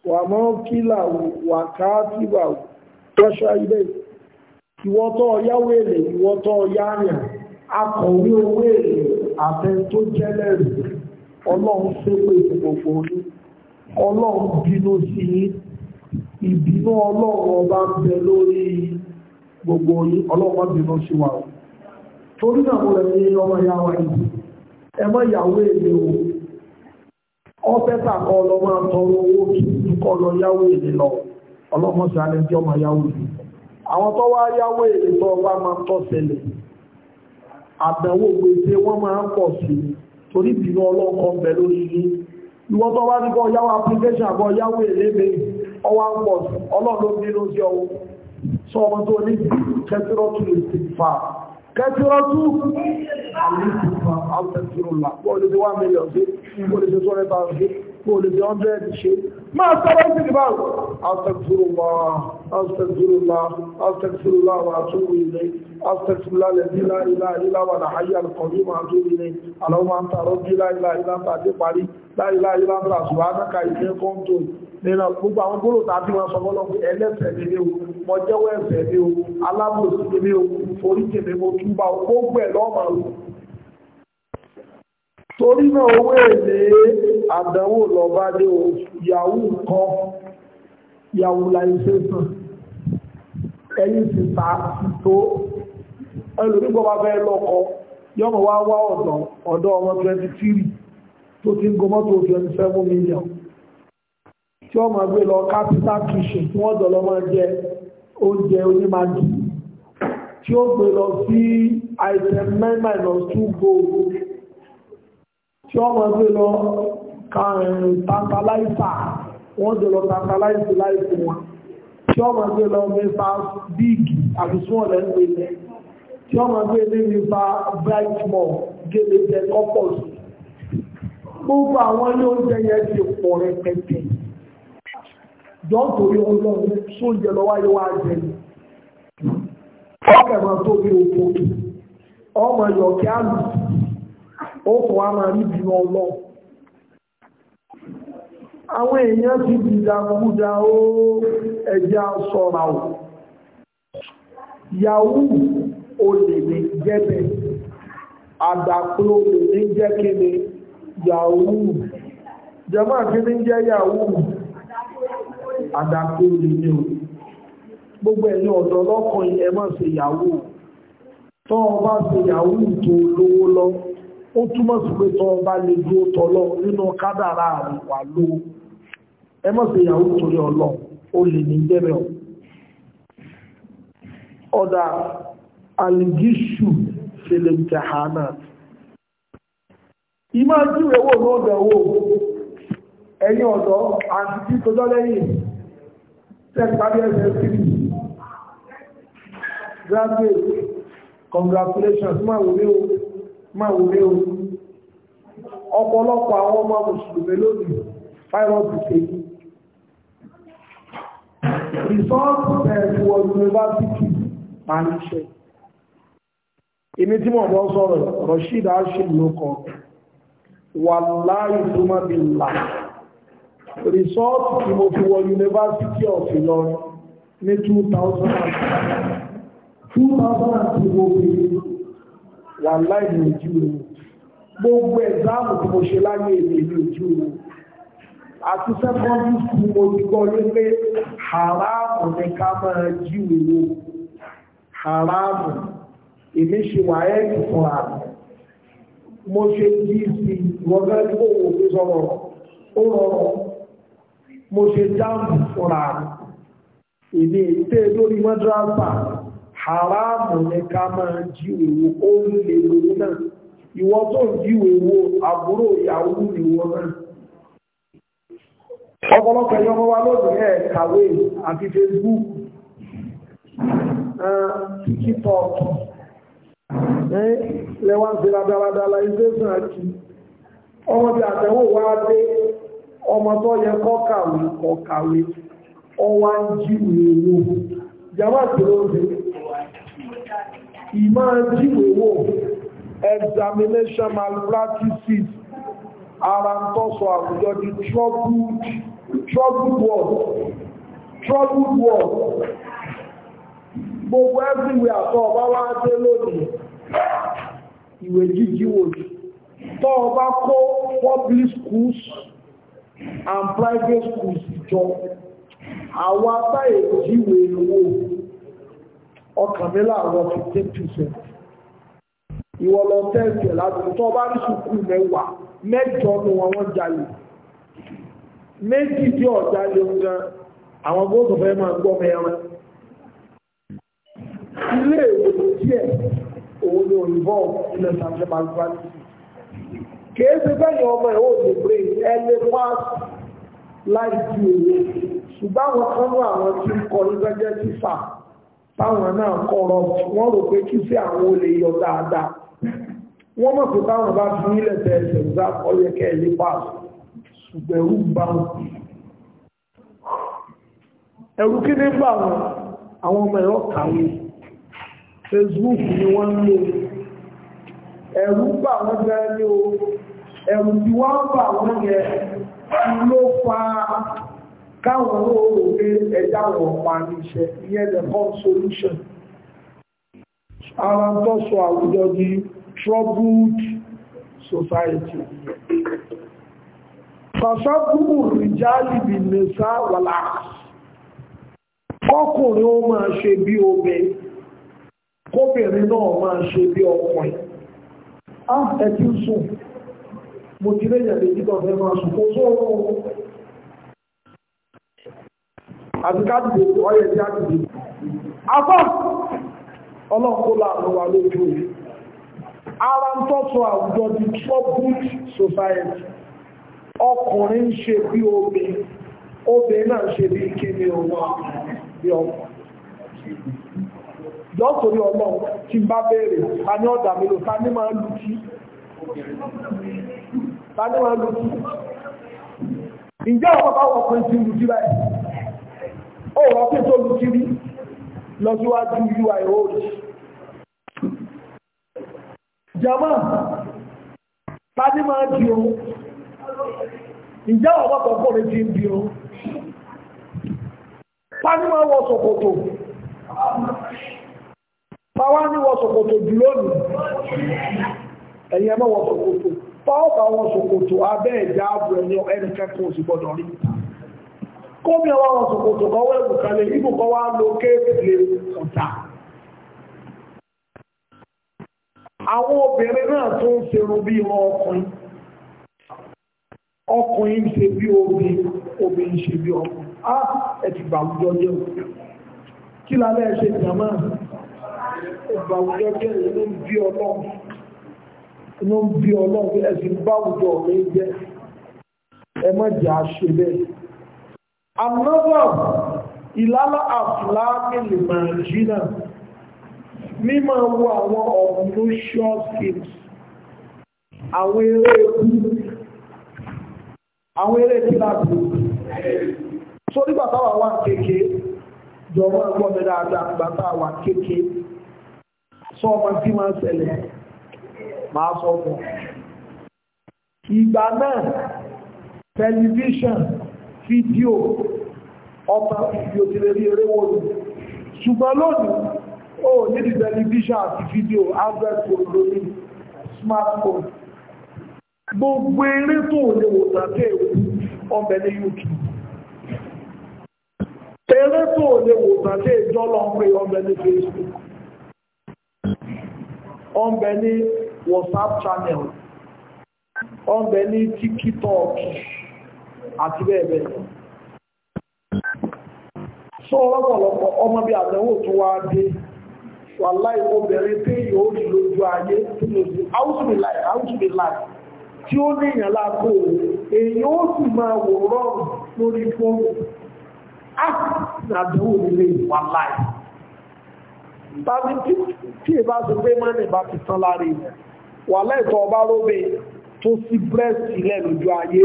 wà mọ́ kílà wà ká kíbà tọ́ṣà ilé ìwọ́tọ̀ yáwó èlò ìwọ́tọ̀ yá akọ̀wé owó èlò àtẹ tó jẹ́lẹ̀rìí ọlọ́run ṣépè fún orí ọlọ́run bínú sí ìbínú ọlọ́run ọba ń bẹ lórí gbogbo yín ọlọ́run má bínú sí wa torí náà mo rẹ̀ ní ọmọ ìyá wa ẹ ìyàwó èlé o ọfẹ́ tàkọ lọ tí wọ́n máa ń pọ̀ sí torí bínú ọlọ́kọ̀ ń bẹ lórí yín ìwọ́n tó wá nígbọ́ yáwó application àbọ̀ yáwó èlébe ọwá ń pọ̀ ọlọ́lọ́ bínú sí ọwọ́ sọ ọmọ tó ní kẹtírọ́tù ìsìnfà kẹtírọ́tù àlìsìnfà àtẹ̀síròlà wọ́n lè ṣe 1 million sí kó o lè bí hundred ṣe máa sọ́rọ̀ sí ìbá astagfirullah astagfirullah astagfirullah wa atubu ilay astagfirullah alladhi la ilaha illa huwa al-hayyul qayyum wa atubu ilay allahumma anta rabbi la ilaha illa anta àti parí la ilaha illa anta subhanaka ìfẹ́ kọ́ńtò nínú gbogbo àwọn gbólò tàbí wọn sọ fọ́lọ́ pé ẹlẹ́ṣẹ̀ mi ni o mo jẹ́wọ́ ẹ̀ṣẹ̀ mi o alábòsí torí náà owó èlé àdánwò lọ́ba dé o yahoo kan yahoo láìsẹ̀sàn ẹ̀yìn sì ta tó ẹlòmígbọ́ bá fẹ́ lọ́kọ yọmọ wá wá ọ̀dọ̀ ọ̀dọ̀ ọmọ 23 tó ti ń go mọ́tò 27 million tí ọmọ gbé lọ capital kitchen tí wọ́n jọ lọ́mọ jẹ oúnjẹ onímàdì tí ó gbé lọ sí item 9 minus 2 gold tí wọ́n máa gbé lọ eh, tantalizer wọ́n jẹ́ lọ tantalizer láìsí wọn tí wọ́n máa gbé lọ mẹ́fà big àbísún ọ̀lẹ́ ń gbélé tí wọ́n máa gbé ní mẹ́fà brightmore gẹ́lẹ́ jẹ́ corpus gbogbo àwọn ilé oúnjẹ yẹn ti pọ̀ rẹpẹtẹ jọ́n torí ọlọ́run sóúnjẹ lọ wáyé wá ó tó wá máa rí lọ. ọlọ́ àwọn èèyàn ti di dàmúdà ó ẹjẹ́ sọ́ra ò yahoo olè ní jẹ́bẹ̀ àdàpọ̀ ní yahoo jama kí ní jẹ́ yahoo àdàpọ̀ ní o gbogbo ẹ̀yìn ọ̀dọ́ tọ́ ọ bá yahoo tó lówó lọ́wọ́ ó túmọ̀ ọba lè ụtọ lọ nínú kádàrá rẹ̀ wà ló ẹ sí ìyàwó torí ọlọ́ ó lè ní jẹ́rẹ̀ ọ̀ ọ̀dà alìgíṣù ṣẹlẹ̀ jahana ìmọ̀ ojú ìwò ní owó ẹ̀yìn ọ̀dọ́ àti tí tó lọ́lẹ́yìn tẹ́kpàdé máa wòré o ọ̀pọ̀lọpọ̀ àwọn ọmọ mùsùlùmí lónìí fáírọ́ọ̀sì kejì rìsọ́ọ̀tù ẹ̀rù ọ̀gbìn bá tìkì máa ń ṣe èmi tí mo bọ́ sọ̀rọ̀ Rashid ashim ló kọ wàláì túmọ̀bìlà rìsọ́ọ̀tù tí mo fi wọ yunifásitì of Ìlọrin ní 2000 2000 tí mo fi wà láì ní ojú omi gbogbo ẹ̀záàmù tí mo ṣe láyé èdè ní ojú omi àti sẹ́kọ́ndì skul mo ti gbọ́ ní pé haramu ni ká máa jí òwò haramu èmi ṣe wà ẹ́ẹ̀kì fún àmì mo ṣe jí sí rọ́gẹ́ tí ó wò fi sọ̀rọ̀ ó rọrọ̀ mo ṣe dáàmù fún àmì èmi ètè lórí mọ́dúrà pàmì haramu ní ká máa jíwè wo ó ń lè lówó náà ìwọ tó ń jíwè wo àbúrò ìyàwó nìwọ náà ọ̀pọ̀lọpọ̀ ẹ̀yọ́ ọmọ wa lóògùn ẹ̀ kàwé àti Facebook TikTok lẹ́wọ́n ti rádáradára ilé náà kí ọmọ tí àtẹ̀wò wá dé ọmọ tó yẹ kọ́ kàwé ọwá ń jíwè wo jàmá tí ìmọ̀ jíwèwò examination malpractices ara ń tọ́sọ àwùjọ di troubled troubled world troubled world gbogbo everywhere àtọ́ ọba wá dé lónìí ìwé jíjíwò tọ́ ọba kó public schools and private schools jọ àwọn apá èjìwé owó ọkàn mi láàárọ̀ fifteen percent ìwọ lọ tẹ́ẹ̀tì láti tó bá rí sùkúù mẹ́wàá mẹ́jọ ni wọn wọ́n jalè méjì tí ọ̀já lè ń gan àwọn gbọ́dọ̀ fẹ́ máa gbọ́ mẹ́rin ilé ìwòsàn díẹ̀ òun ni òyìnbó ilẹ̀ sàfẹ́ máa gbá ní kìí ṣe bẹ́yìn ọmọ ẹ̀ ó lè bèrè ẹlẹ́ pass láì ju èrè ṣùgbọ́n àwọn kan ní àwọn tí ń kọ ní gẹ́gẹ́ sí táwọn náà kọ̀rọ̀ wọ́n rò pé kí sí àwọn olè yọ dáadáa wọ́n mọ̀ pé táwọn bá fi nílẹ̀ tẹ̀sẹ̀ ìgbà ọlẹ́kẹ́ ilé pàṣẹ ṣùgbọ́n ẹ̀rù ń bá wọn ẹ̀rù kí ní bá wọn àwọn ọmọ ẹ̀rọ kàwé Facebook ni wọ́n ń lò ẹ̀rù bà wọ́n jẹ́ ní o ẹ̀rù tí wọ́n bà wọ́n yẹ ló fa káwọn ó rò pé ẹja wọn pa níṣẹ́ ìyẹn the whole solution ara tó sọ àwùjọ di troubled society fàṣọ́kùnrin rìjáàlì bí nìsá wàláàsì ọkùnrin ó máa ṣe bí obìnrin kóbìnrin náà máa ṣe bí ọkùnrin á ah, ẹ̀kí sùn mo ti lẹ́yìn àdéjì tó fẹ́ máa sùn kó sóòrùn àti káàdì ọyẹ tí a ti di afọ́ ọlọ́kọ́lá àlọ́wà lójú ara ń tọ́tọ́ àwùjọ di troubled society ọkùnrin ń ṣe bí obìnrin obìnrin náà ń ṣe bí kíni ọwọ́ bí ọkùnrin lọ́sọ̀rí ọlọ́run tí bá bẹ̀rẹ̀ ta ní ọ̀dà ta ó wọ́n pé tó lu kiri lọ síwájú ui old jama tàbí máa di o ìjẹ́ ọ̀pọ̀pọ̀ kò lè ti di o tàbí máa wọ ṣòkòtò Fáwá ní wọ ṣòkòtò jù lónìí, ẹ̀yẹ mọ́ wọ ṣòkòtò, fáwọ́ bá wọ ṣòkòtò abẹ́ ìjà ààbò ẹni ẹni kẹ́kọ̀ọ́ sí gbọ́dọ̀ rí kóbi ọwọ́ wọn sòkòtò kọ́wọ́ ẹ̀bùkalẹ̀ ibù kọ́ wá lo kéèkèlè ọ̀tà àwọn obìnrin náà tó ń serun bí wọn ọkùnrin ọkùnrin ń ṣe bí omi obìnrin ṣe bí ọkùnrin á ẹ̀tì gbàwùjọ jẹ́ inú ń bí ọlọ́run ẹ̀sìn báwùjọ mi jẹ́ ẹ má jẹ́ bẹ́ẹ̀ another ìlàlá àfúláàkì lè máa jìnà mímọ̀ wo àwọn obnoxious games àwọn eré ikú àwọn eré kíláàbù tó nígbà táwa wà kéèké jọ̀wọ́ ẹ̀gbọ́n mi dáadáa nígbà táwa kéèké sọ ọmọ tí máa ṣẹlẹ̀ máa sọ fún ìgbà náà tẹlifíṣàn fídíò ọba fídíò ti lè rí eré wòlù ṣùgbọ́n lónìí ó nídi tẹlifíṣàn àti fídíò albert olórí smartphone gbogbo eré tó lè wò tàbí ọmọ ní youtube eré tó lè wò tàbí ìjọ́lọ́ pé ọmọ ní facebook ọmọ ní whatsapp channel ọmọ ní tiktok àti bẹ́ẹ̀ bẹ́ẹ̀ sọ ọlọ́pọ̀lọpọ̀ ọmọ bíi àtẹ̀wò tó wá dé wàláì obìnrin tí yóò rí lójú ayé tí sì tí ó ní èyí ó sì máa wò rọrùn lórí fóònù ah, nílé tàbí tí ìbá sọ pé má nìbá ti tán ọba róbe tó sí brest lójú ayé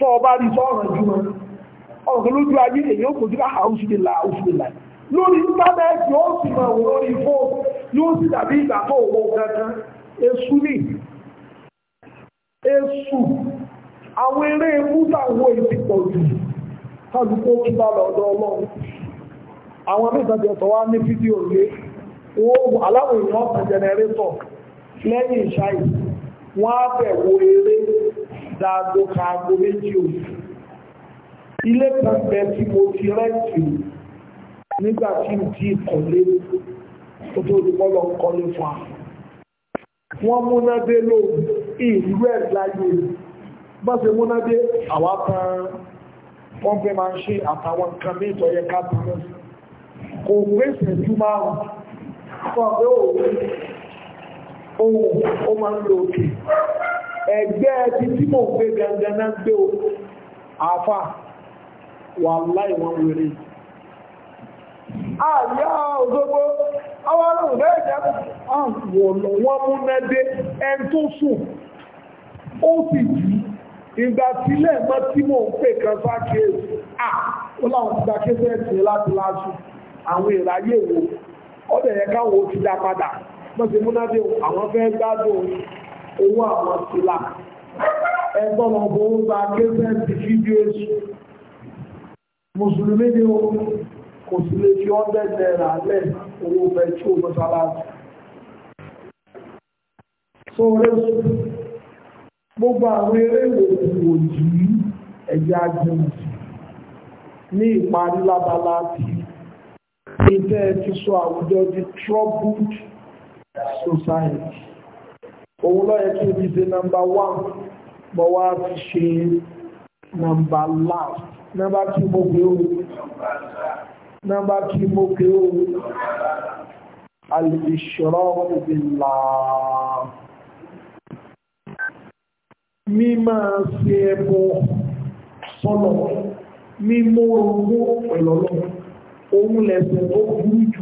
tọ́ ọba rí tọ́ ọ̀rọ̀ jù ọ̀rọ̀ lójú ayé èyí ó kojú láhà òṣìlélà òṣìlélà lórí íńtánẹ́ẹ̀tì ó sì mọ̀ wọ́n sì dàbí ìgbà tó owó kankan esu ni esu àwọn eré múta wo ìtìpọ̀ jù tún bá àwọn ọ̀tọ̀ wá ní fídíò lé ọ̀sán jẹnẹrétọ̀ lẹ́yìn ìṣáì dáago kaago méjì òsì ilé kan bẹ tí mo ti rẹ́ǹtì nígbà tí n ti kọ́lé tó tó olùkọ́ lọ kọ́lé fún wa wọ́n múnádé lóhùn ìlú ẹ̀ láyé bá ṣe múnádé àwa kan wọ́n fẹ́ máa ń ṣe àtàwọn nǹkan ní ìtọ́yẹ káàkiri kò pèsè jú márùn-ún fún ọ̀gbẹ́ òun ó máa ń lo òkè ẹgbẹ́ ti tí mò ń gbé gangan náà gbé o àfà wà láì wọ́n wèrè àyà òṣogbo àwọn olóògbé ìjẹ́ àwọ̀lọ̀ wọ́n mú nẹ́dé ẹn tó sùn ó sì jí ìgbà sílẹ̀ mọ́ tí mò ń pè kan sákèésì à ó láwọn ti dákéṣẹ́ ẹ̀sìn láti láṣù àwọn ìráyè wo ọ̀dẹ̀ yẹ káwọn ó ti dá padà mọ́ sí múnádé àwọn fẹ́ gbádùn owó àwọn sílá ẹgbọ́n ọgbọ́n ó gba kéfẹ́ǹtì fídíò èṣù mùsùlùmí ni ó kò sí lè fi ọ́dẹ̀ náírà lẹ̀ owó bẹ̀tí owó sáláàtì tó rẹ́sù gbogbo àwọn eré ìwòkúwò yìí ẹ̀yà agbẹ̀mùsì ní ìparí lábala ti ilé ẹ̀ ti sọ àwùjọ di troubled society òun lọ́yẹ kí o ti ṣe nọmba one mọ́ wá ti ṣe nọmba last nọmba tí mo gbé o nọmba tí mo gbé o alìṣọ́rọ̀ ìbìlà mímọ́ sí ẹbọ sọ́nà mímọ́ orogún pẹ̀lọ́lọ́ òun lẹ̀sẹ̀ tó burú jù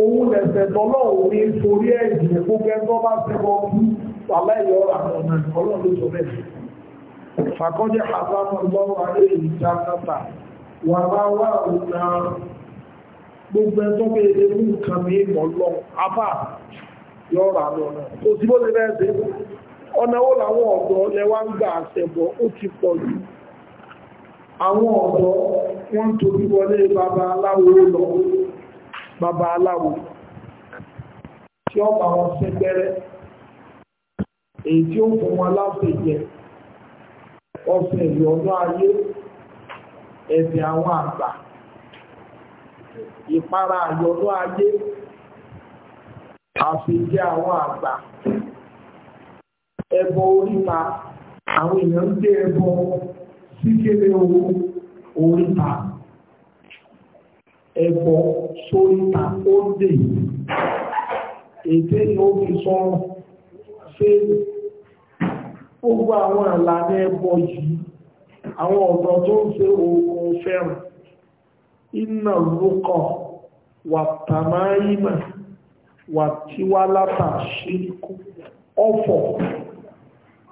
òun lẹ̀sẹ̀ tọ́lọ́wọ́ ní torí ẹ̀jẹ̀ gbogbo ẹgbọ́ bá tẹ́gbọ́ kú aláìyọ́ àmọ̀nà ọlọ́run ló sọ bẹ́ẹ̀ fàkọ́jẹ́ wà wà gbogbo làwọn ọ̀dọ́ ń gbà àṣẹ̀bọ̀ ó ti pọ̀ jù bàbá aláwo tí ó bá wọn ṣẹ́gbẹ́rẹ́ èyí tí ó fún wọn láti jẹ ọ̀sẹ̀ ìyọnú ayé ẹ̀sìn àwọn àgbà ìpara àyọnú ayé àfijẹ́ àwọn àgbà ẹbọ oríta àwọn èèyàn ń gbé ẹbọ síkéré owó oríta ẹbọ sóríta ó dè ètè ni ó fi sọ̀rọ̀ ṣé gbogbo àwọn àlàní ẹbọ yìí àwọn ọ̀dọ́ tó ń ṣe oògùn fẹ́ràn iná lókọ̀ wà tàmáyìmà wà tíwálátà ṣíkú ọ̀fọ̀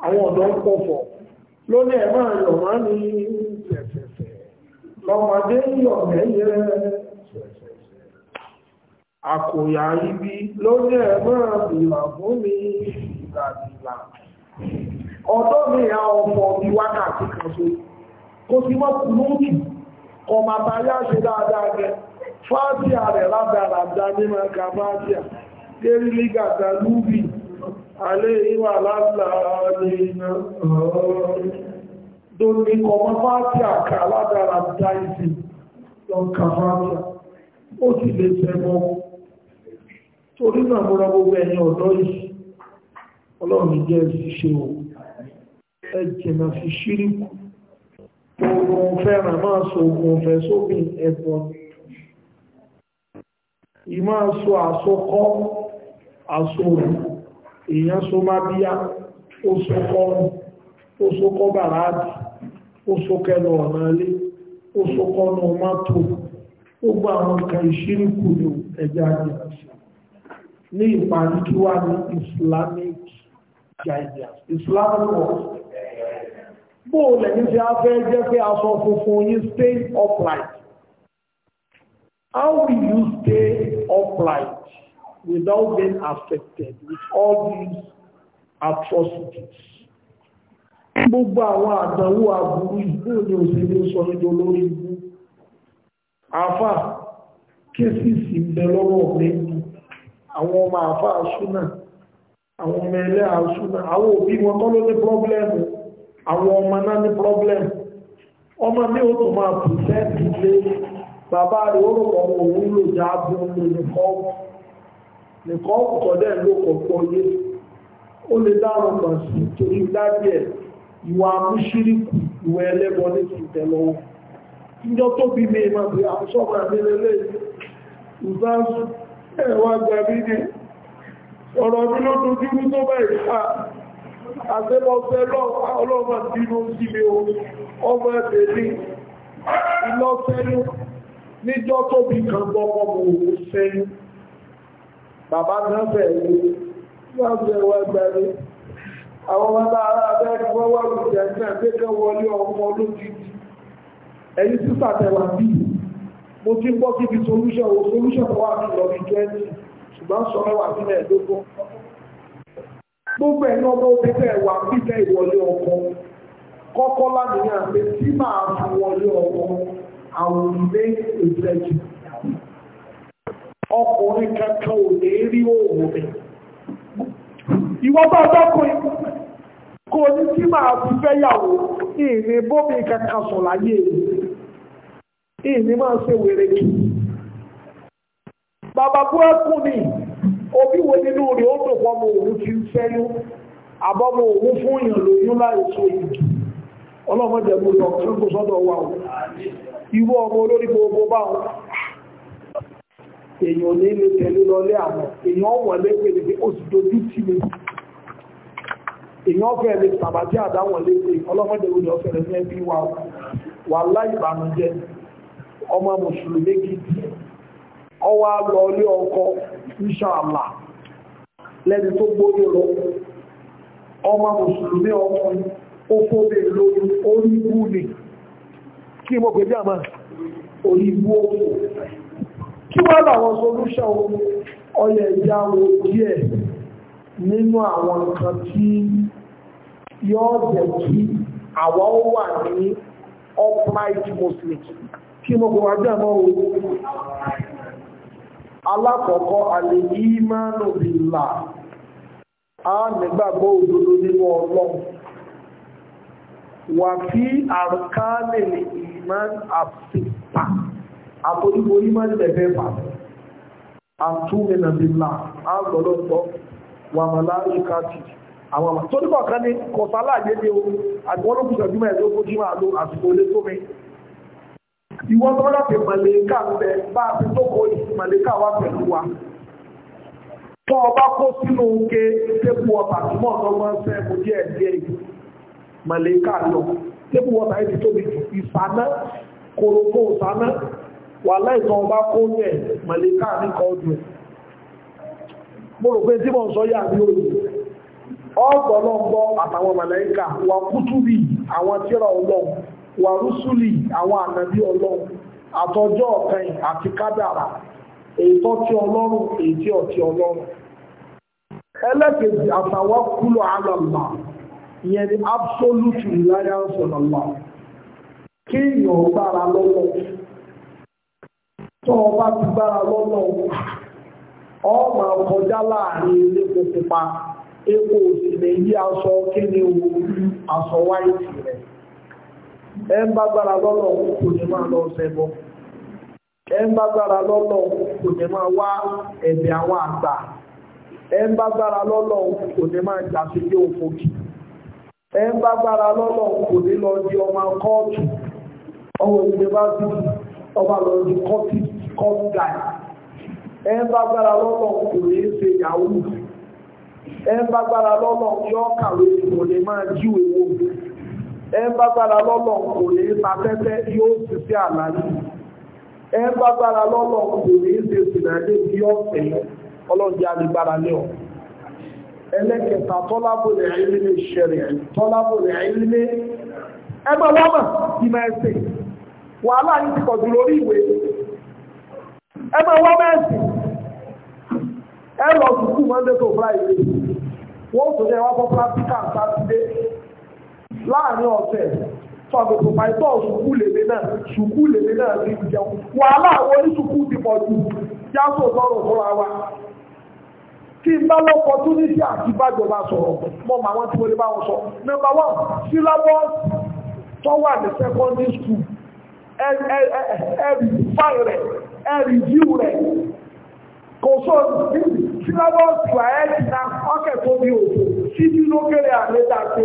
àwọn ọ̀dọ́ ń pọ̀fọ̀ lónìí ẹ̀ máa ni. máa ní ìrẹsẹ̀sẹ̀ lọ́mọdé yọ̀ mẹ́yẹrẹ àkòyà ibi ló ní ẹ̀mọ́ ìlà fún mi ìgbàdìlà ọ̀dọ́ mi ya ọmọ bí wákàtí kan so kó sí mọ́ kùnúùtù ọmọ àbáyá ṣe dáadáa gẹ fáàtíà rẹ̀ ládàradà ní maka fáàtíà kérí lígàtà lúbì alẹ́ ìwà látàrí ó sì lè ṣẹbọ torí náà mọ́ra gbogbo ẹ̀yìn ọ̀dọ́ yìí ọlọ́run jẹ́ ṣiṣẹ́ o na jìnà sí ṣíríkù ogun fẹ́ràn máa sọ ogun ọ̀fẹ́ sóbìn ẹ̀bọ̀ ìmọ̀ sọ àsọkọ́ àsọrù èèyàn so má bíyá ó sọkọ́ ó sọkọ́ bàrádì ó sọkẹ́nu ọ̀nà ilé ó sọkọ́ nu mọ́tò gbogbo àwọn nǹkan ìṣíríkù ní ẹja jìnà sí ní ìparí kí wá ní islamic guidance islamic world bóò lẹ́yìn tí a fẹ́ jẹ́ pé aṣọ funfun yìí stay upright how will you stay upright without being affected with all these atrocities gbogbo àwọn àdánwò àbúrú ìgbóòlù òṣèlú sọ nídò lórí ìgbóòlù àfà kéfìsì ń bẹ lọ́wọ́ méjì àwọn ọmọ àfà àṣúná àwọn ọmọ ẹlẹ́ àṣúná àwọn òbí wọn kọ́ ló ní pọ́blẹ́mù àwọn ọmọ náà ní pọ́blẹ́mù ọmọ mi ò tó máa pùsẹ́ẹ̀tì lé bàbá rẹ̀ ó rò pọ̀ òun lò já bó ń lò nìkọ́ nìkọ́ ìjọ tó bí mi ma bí àṣọ́gbà nílẹ̀lẹ́ ìsáàsù ẹ̀wà gbàmí ní ọ̀rọ̀ mi ló tó dúrú tó bẹ̀ ìfà àṣẹ́lọ́fẹ́ ọlọ́mà dínú sí mi o ọmọ ẹ̀bẹ̀ ní ìlọ́fẹ́lú níjọ́ tó bí kan gbọ́mọ́ mò ó fẹ́yìn bàbá náà bẹ̀rẹ̀ Àwọn ọmọ lára abẹ́rin wọ́wọ́ ìjẹ̀ náà ẹ̀yìn sísà tẹwà bí mo ti gbọ́ síbi solution o solution tó wà ní ìlọ́bí 20 ṣùgbọ́n sọ mẹ́wàá sí mẹ́ẹ̀ẹ́dógún gbogbo ẹ̀yìn ọmọ obìnrin ẹ̀wà bíbẹ̀ ìwọlé ọkọ kọ́kọ́ lánìyàn pé tí máa fi wọlé ọkọ àwọn ilé ìtẹ́jú ọkùnrin kankan ò lè rí òun mi ìwọ́n bá dọ́kùnrin kò ní tí máa fi fẹ́ yàwó ìrìn bómi kankan sọ̀ láyé rẹ̀ ìní máa ṣe wèrè jù bàbá búrẹ́kù ni òbí wo nínú rẹ̀ ó dùn fọmọ òun ti ń fẹ́yún àbọ́mọ òun fún èèyàn lóyún láìsọ ìdí ọlọ́mọdé mú lọ tí kò sọ́dọ̀ wà ó ìwọ ọmọ olórí gbogbo bá wọn èèyàn ní tẹ̀lé lọlé èèyàn wọ̀n pé ó sì dojú tì mí èèyàn fẹ́ lè tàbátí lọ fẹ́rẹ̀ wa wà ọmọ mùsùlùmí gidi ọwọ́ lọ́ọ́lé ọkọ inshallah lẹ́ni tó gbóyè lọ ọmọ mùsùlùmí ọkùnrin ó fóbe lórí orí ibú ni kí mo pè jàmá orí ibú òkú kí wọ́n láwọn solúṣà ọyẹ̀ ìjà wo díẹ̀ nínú àwọn nǹkan tí yóò kí àwa ó wà ní upright muslims kí mo gbọ́ ajá mọ́ o alákọ̀ọ́kọ́ alè ìmánu bìlà a nígbàgbọ́ òdodo nínú ọlọ́run wà fí àrùkánìlì ìmán àfipà àtòdìbò ìmán ìdẹ̀fẹ́ bà àtúnmìnà bìlà a gbọ́dọ̀ gbọ́ wà màlá ìkàtì àwọn àmà tó nígbà kan ní kọ̀sálà yé ìwọ tó rà pé màlẹ́kà ń bẹ bá a fi tó kọ ìmàlẹ́kà wá pẹ̀lú wa tó ọba kó sínú oge tépù ọba tí mọ̀ tó máa ń fẹ́ mo jẹ́ ẹ̀dẹ́ yìí màlẹ́kà lọ tépù ọba yìí tó mi ìfàná korokó ìfàná wà láìsàn ọba kó yẹ màlẹ́kà ní kan ọdún mo rò pé tí mo ń sọ yà ní òyìn ọgbọ̀n náà àtàwọn màlẹ́kà wà kútùbì àwọn tíra ọlọ́run wàrúsùlì àwọn ànàbí ọlọ́run àtọjọ́ ọ̀kẹyìn àti kádàrà èyí tí ọlọ́run èyí tí ọ̀tí ọlọ́run ẹlẹ́kẹ̀ẹ́jì àtàwọ́ ala àlọ́lá ìyẹn ni absolute reliance on Allah kí èèyàn gbára lọ́lọ́ tó ọba ti gbára ọmọ láàrin ilé pupa epo òsì lè yí aṣọ kí ni ẹ ń bá gbára lọ́lọ́ kò ní máa lọ ṣẹbọ ẹ ń bá gbára lọ́lọ́ kò ní máa wá ẹ̀bẹ̀ àwọn àgbà ẹ ń bá gbára lọ́lọ́ kò ní máa jàṣẹ́jẹ́ òfòkì ẹ ń bá gbára lọ́lọ́ kò ní lọ di ọmọ kóòtù ọmọ ìjọba bí ọba lọ di kọ́tì kọ́tì gàì ẹ ń ẹ lọ́lọ́ kò ní ta yóò sì sí àlàyé ẹ bá lọ́lọ́ kò ní ṣe sìnà débi na ọlọ́dí agbára lé ọ. ẹlẹ́kẹta tọ́lábòlẹ̀ ilé ṣẹlẹ̀ tọ́lábòlẹ̀ ilé ẹ máa wá mà ìmọ̀ ẹ̀sìn wàhálà yìí ti pọ̀jù lórí ìwé ẹ máa láàrin ọ̀sẹ̀ fàgbègbè pàìtọ́ ṣùkú lèmi náà ṣùkú lèmi náà ti jẹun wàhálà àwọn oníṣùkú ti pọ̀ jù yàtọ̀ sọ̀rọ̀ fúnra wa kí n bá lọ́pọ̀ tó ní sí àtibájọba sọ̀rọ̀ mọ́ mà wọ́n tí mo lè bá wọn sọ nọ́mbà wọn syllabus tó wà ní secondary school ẹ̀rì fáì rẹ̀ ẹ̀rì yíw rẹ̀ kò sọ syllabus wà ẹ̀ẹ́dì náà ọ̀kẹ́ tó bí òfò síbi lókèrè àlejò àti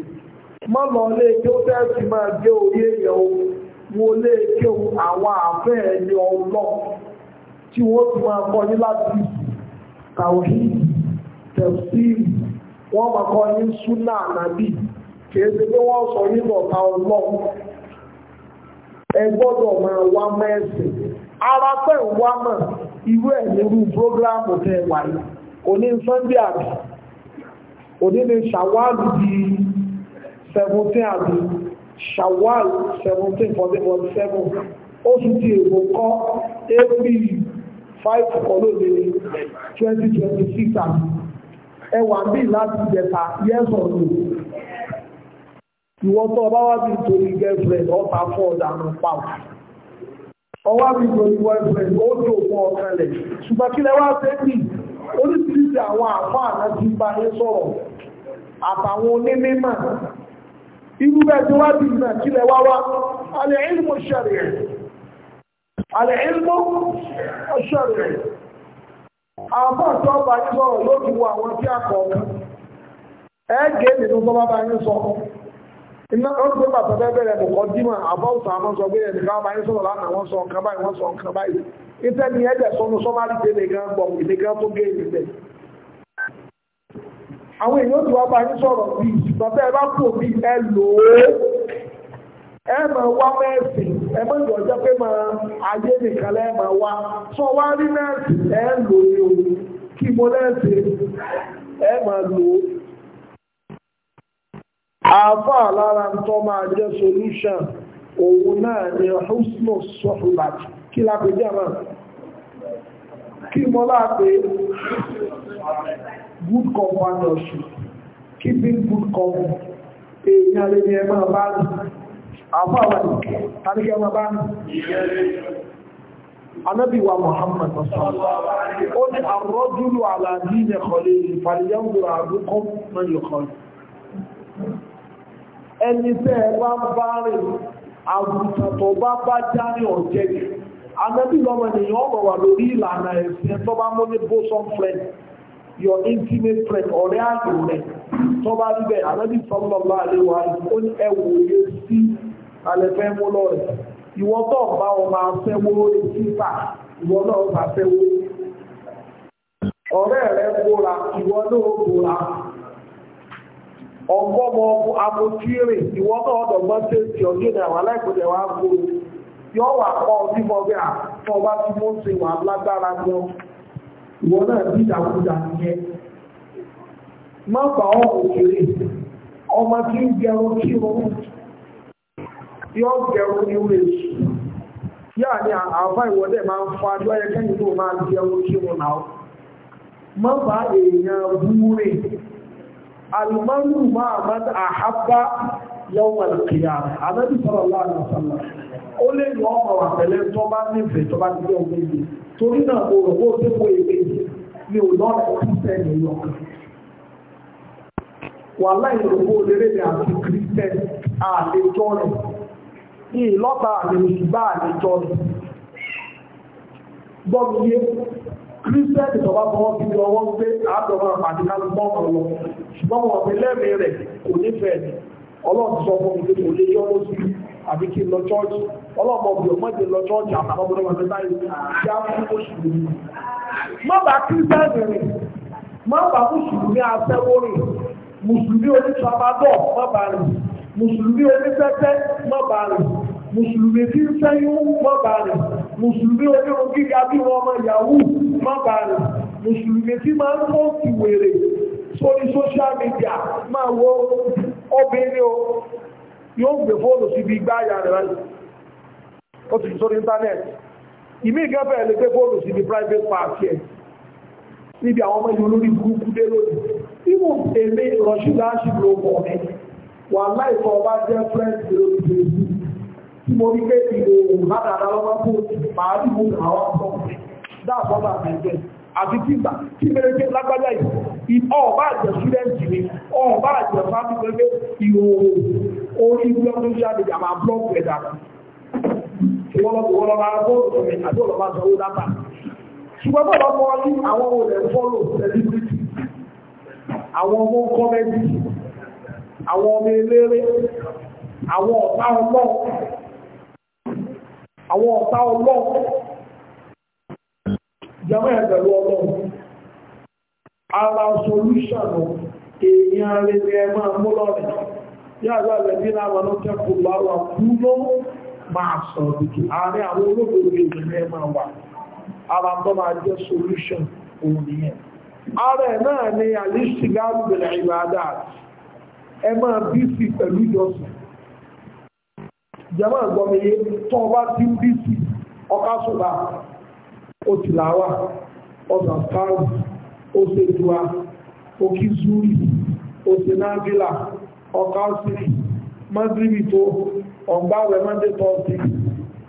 mọ́ lọ lé kí ó fẹ́ fi o mo lé kí àwọn àfẹ́ ẹni ọlọ́ tí wọ́n ti máa kọ́ ní láti kàwé na wọ́n máa kọ́ ní súnà ànábì kìí ṣe pé wọ́n sọ nínú ẹ gbọ́dọ̀ máa wá ara wá irú ẹ̀ nírú tẹ̀ wáyé sunday àbí seventeen àbí shawal seventeen forty forty seven oṣù tí èbò kọ́ april five kọlóde twenty twenty six àbí ẹwà ń bì láti jẹta yes or no ìwọ tó ọba wá bí torí girlfriend ọta fún ọ̀dànù pàwọ́ ọwá bí torí boyfriend ó tó fún ọ̀kanlẹ̀ ṣùgbọ́n kí lẹ́wà tẹ́bí oríṣiríṣi àwọn àfáà náà ti bá yín sọ̀rọ̀ àtàwọn onímọ̀ irú bẹ́ẹ̀ tí wá bí ìmọ̀ kílẹ̀ wá wá alẹ́ìlmù ṣẹ̀rẹ̀ alẹ́ìlmù ṣẹ̀rẹ̀ àbọ̀tọ́ bá ní sọ̀rọ̀ lójú àwọn tí a kọ̀ ẹgẹ́ nínú sọ́bá bá ní sọ iná ọdún bàtà bẹ́ẹ̀bẹ̀rẹ̀ mọ̀kọ́ dímọ̀ àbọ̀tà àwọn sọ pé ẹnìkan bá ní sọ̀rọ̀ lánàá wọ́n sọ nǹkan báyìí wọ́n sọ nǹkan báyìí àwọn èèyàn tí wọ́n bá ní sọ̀rọ̀ bí ìgbọ̀nbẹ́ bá kú òbí ẹ lò ó ẹ máa wá mẹ́ẹ̀sì ẹ mọ̀ ìjọ jẹ́ pé máa ayé nìkan lẹ́ máa wá sọ wá rí mẹ́ẹ̀sì ẹ lò ní o kí mo lẹ́ẹ̀sì ẹ máa lò ó. àáfà ń tọ́ máa jẹ́ solution òun náà ni húsnù sọ̀rọ̀bàtì kí lápẹjẹ́ máa kí mo láàpẹ́ good companionship keeping good company èèyàn lè ní ẹmọ́ bá ní àfáwà tàbí ẹmọ́ bá ní anábíwa Muhammad ó ní àrọ́dúlù àlàdí ní ẹ̀kọ̀lẹ̀ ìfàlìyànwòrò àdúkọ́ mẹ́lùkọ́lù ẹni tẹ́ ẹ bá ń bá rìn àgùntàtọ̀ bá bá já ní ọ̀jẹ́ anábíwa mẹ́lùkọ́lù wà bosom friend your intimate friend ọ̀rẹ́ àgbò rẹ̀ tó bá rí bẹ́ẹ̀ àlọ́bí sọ́lọ́lá àléwà ó ní ẹwò oyè sí alẹ́fẹ́ mú lọ́rẹ̀ ìwọ tó bá wọn máa fẹ́wó rẹ̀ síta ìwọ náà bá fẹ́wó ọ̀rẹ́ rẹ̀ bóra ìwọ náà bóra ọgbọ́mọ amòtírè ìwọ náà ọ̀dọ̀gbọ́n tẹ̀sí ọ̀gẹ́dẹ̀ àwọn aláìkọ̀dẹ̀ wa gbòòrò yọ wà kọ́ ọdún mọ́gbẹ́ àtọ́ bá ti mú sí wà lágbára gan-an ìwọ náà bí ìdàkúdà nìyẹn má bà ọ́ òkèrè ọmọ kí ń gẹrun kí o yọ gẹrun ní wíwẹ̀ sùn yáà ni àáfà ìwọ́dẹ̀ máa ń fa adúlá yẹ kẹ́yìn tó máa gẹrun kí o náà má bà èèyàn búrè alùmọ́rù máa má àhábá yọ́wọ́ ìkìyà àdájú sọ́rọ̀ láàrín ọ̀sán ó lè yọ ọmọ wà tó bá nífẹ̀ẹ́ tó bá nífẹ̀ẹ́ torí náà mo rò ó tó wo èdè mi ò lọ́rọ̀ kírísítẹ́nì lọ. wàhálà ìrògbò lérè mi àti kírísítẹ́nì àlejò rẹ̀ ní ìlọ́ta àlejò àlejò rẹ̀. gbọ́dọ̀ yé kírísítẹ́nì tọ́ba tọwọ́ fi ká lọ ṣùgbọ́n fi lẹ́mìí rẹ̀ àbí kí n lọ chọ́ọ̀chì ọlọ́mọ òbí ọmọdé lọ chọ́ọ̀chì àtàwọn ọmọdé wọn mẹ́ta yìí kí á fún oṣù yìí. má bàa kírísítẹ́nì rìn má bàa mùsùlùmí aṣẹ́wó rìn mùsùlùmí oníṣàbádọ́ má bàa rìn mùsùlùmí onífẹ́fẹ́ má bàa rìn mùsùlùmí tí ń fẹ́yún ọmọ yahoo má bàa rìn social media máa wo obìnrin o yóò gbé fóònù sí ibi igbá àyà rẹ̀ láti ó ti sórí íńtánẹ́ẹ̀tì ìmí ìgẹ́fẹ́ lè gbé fóònù sí ibi private park ẹ̀ níbi àwọn ọmọ ìlú olórí burúkú dé lónìí ìmú èmi rọ̀ṣù láṣì ló mọ̀ mi wà láìpọ̀ ọba jẹ́ friends lórí facebook tí mo rí pé ìròyìn ládàá lọ́wọ́ kó màá rí mú àwọn ọmọ dáàbọ̀ bá bẹ̀rẹ̀ àti tìgbà tí mẹ́rẹ̀ jẹ́ lágbájá yìí ọba àjẹ́ student mi ọba àjẹ́ family ìròyìn orí blọ́ọ̀kì ṣáàdì àmà blọ́ọ̀kì ẹ̀dà ìwọ́lọ́pọ̀wọ́lọ́pọ̀ agbóòrò mi àti ọlọ́pàá sanwó dáta ṣùgbọ́n bọ́ọ̀lọ́ mọ́ ní àwọn ọmọ rẹ̀ ń fọ́lò celebrity àwọn yá àwọn ẹ̀lẹ́bí láwọn ọlọ́kẹ́kù láwà kúrò máa sọ òdìkì àárín àwọn olóògbé ìrìnlẹ̀ máa wà ara tó máa jẹ́ solution òun nìyẹn ara ẹ̀ náà ni àlìsígáàrù bẹ̀rẹ̀ ìbàdà ẹ máa bí sí pẹ̀lú ìjọsìn jẹ́mọ́ ìgbọ́mìyé tó bá ti ń bí sí ọkásùlá ó ti láwà ọ̀sán skáàrù ó ṣe dùá ó kí zúrì ó ṣe náà ọ̀ká sílì mọ́gírìbì tó ọ̀gbáwẹ̀ mọ́ndé tọ́sí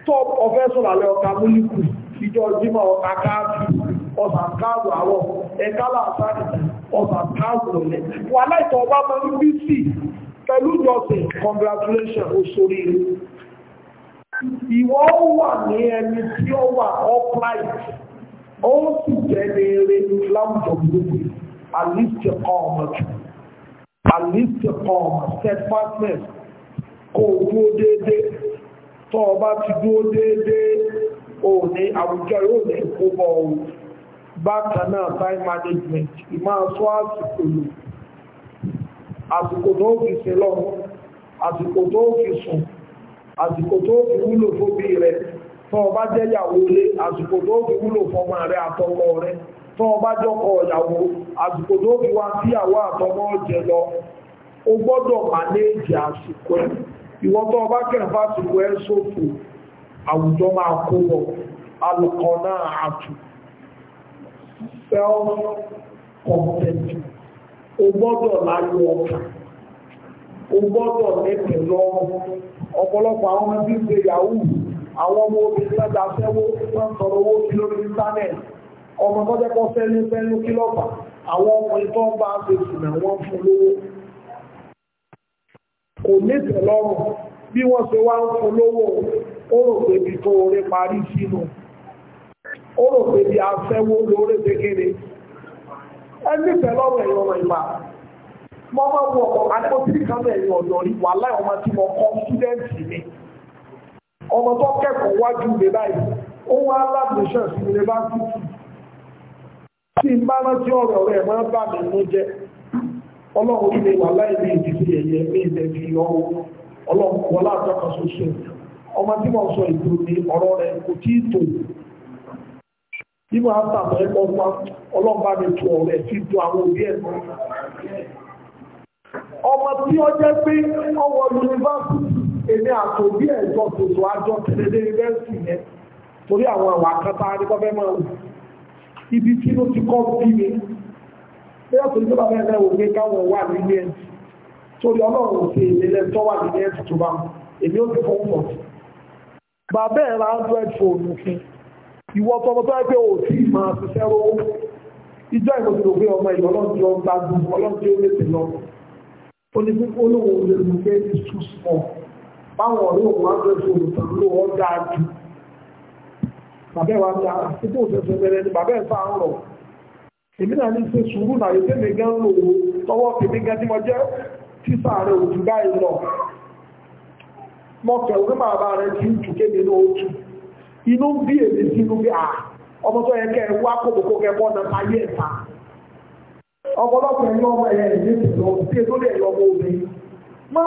tó ọ̀fẹ́ sọ̀làlẹ̀ ọ̀ká múlìkù ìjọ jímọ̀ ọ̀ká káàkì ọ̀sán káàkì àwọ̀ ẹ̀ká láàtàrí ọ̀sán káàkì lọ́lẹ̀ wà láìtọ̀ ọba mọ́ ní bc pẹ̀lú jọ́sìn congratulation òṣòrí ìwọ wà ní ẹni tí ó wà upright ó sì jẹ́ ní eré láwùjọ gbogbo àlìsí ọmọ jù àlìsìkọ̀ọ̀mà steadfastness kó dúó déédé tó ọba ti dúó déédé ò ní àwùjọ yóò ní kó bọ̀ ohun bákan náà time management ìmá sọ àsìkò lò àsìkò tó fi sin lọ́wọ́ àsìkò tó fi sùn àsìkò tó fi wúlò fóbi rẹ̀ tó ọba jẹ́ yàwó ilé àsìkò tó fi wúlò fọmọ rẹ̀ àtọkọ rẹ̀ tó ọba jọ́kọ̀ ìyàwó àsìkò tó fi wá sí àwọ́ àtọmọ́ jẹ lọ o gbọ́dọ̀ manéjì àsìkò ẹ̀ ìwọ́n ọba kẹfà àsìkò ẹ̀ sófò àwùjọ máa kó wọ alùkọ̀ náà àtù self-content o gbọ́dọ̀ láyọ̀ yahoo àwọn ọmọ obìnrin owó ọmọ tọ́jẹ́ kọ́ fẹ́lú fẹ́lú kí lọ́pàá àwọn ọmọ ìtọ́ bá ṣe sùnà wọ́n fún lówó kò nítẹ̀ lọ́rùn bí wọ́n se wá ń fún lówó ó rò pé bí tó orí parí sínú ó rò pé bí afẹ́wó lórí kékeré ẹ nítẹ̀ lọ́rùn ẹ̀yìn ọmọ ìmà mo máa wọ ọkọ̀ àdébò tí kan náà ẹ̀yìn ọ̀dọ́ rí wàhálà ọmọ tí mo kọ́ sídẹ́ǹtì mi ọmọ tó kẹ́kọ̀ọ́ wájú mi báyìí ó wá láti ṣẹ̀sìn yunifásitì tí n bá rántí ọ̀rọ̀ rẹ̀ máa ń bà mú jẹ́ ọlọ́run ilé wà láì ní ìdíje ẹ̀yẹ ní ilẹ̀ fi ọwọ́ ọlọ́run wọlá àtọ́kọ̀ ọmọ tí wọ́n sọ ìlú ni ọ̀rọ̀ rẹ̀ kò tí tò nínú ọlọ́run bá mi tu fi ibi tí ló ti kọ́ bí mi bóyá tó ní bàbá ẹ̀rẹ́ òwe káwọn wà nílé ẹ̀ torí ọlọ́run ṣe ìlélẹ̀ tó wà nílé ẹ̀ tó bá èmi ó ti fọ́n pọ̀ sí. bàbá ẹ̀rọ android phone fún ìwọ tọmọ tó ẹgbẹ́ ò tí ì máa ṣiṣẹ́ rówó ìjọ ìmọ̀tò ló gbé ọmọ ìlú ọlọ́run tí ó ń gbádùn ọlọ́run tí ó lè tẹ̀lé ọmọ ó ní bí olóhùn olè lùgbé is too small báwọn ọ̀rẹ́ òun android phone tàn ló wọ́n dáa jù bàbá wa ní ara títí òṣèṣe bẹ̀rẹ̀ ni bàbá ẹ̀fà ń rọ̀ èmi náà ní ṣe sùúrù náà yóò tẹ́lẹ̀ gan lò ó tọwọ́ tèmi gan tí mo jẹ́ tíṣà rẹ̀ òjù báyìí lọ mo kẹ̀wé pé bàbá rẹ̀ ti ń tùké mi ní ojú inú ń bí èmi sí inú bí à ah, ọmọ tó yẹ wá kòkòkò bọ́ náà ayé ẹ̀ta ẹ̀yọ́ ọmọ ẹ̀yẹ ètò lè ah, ọmọ obìnrin mọ́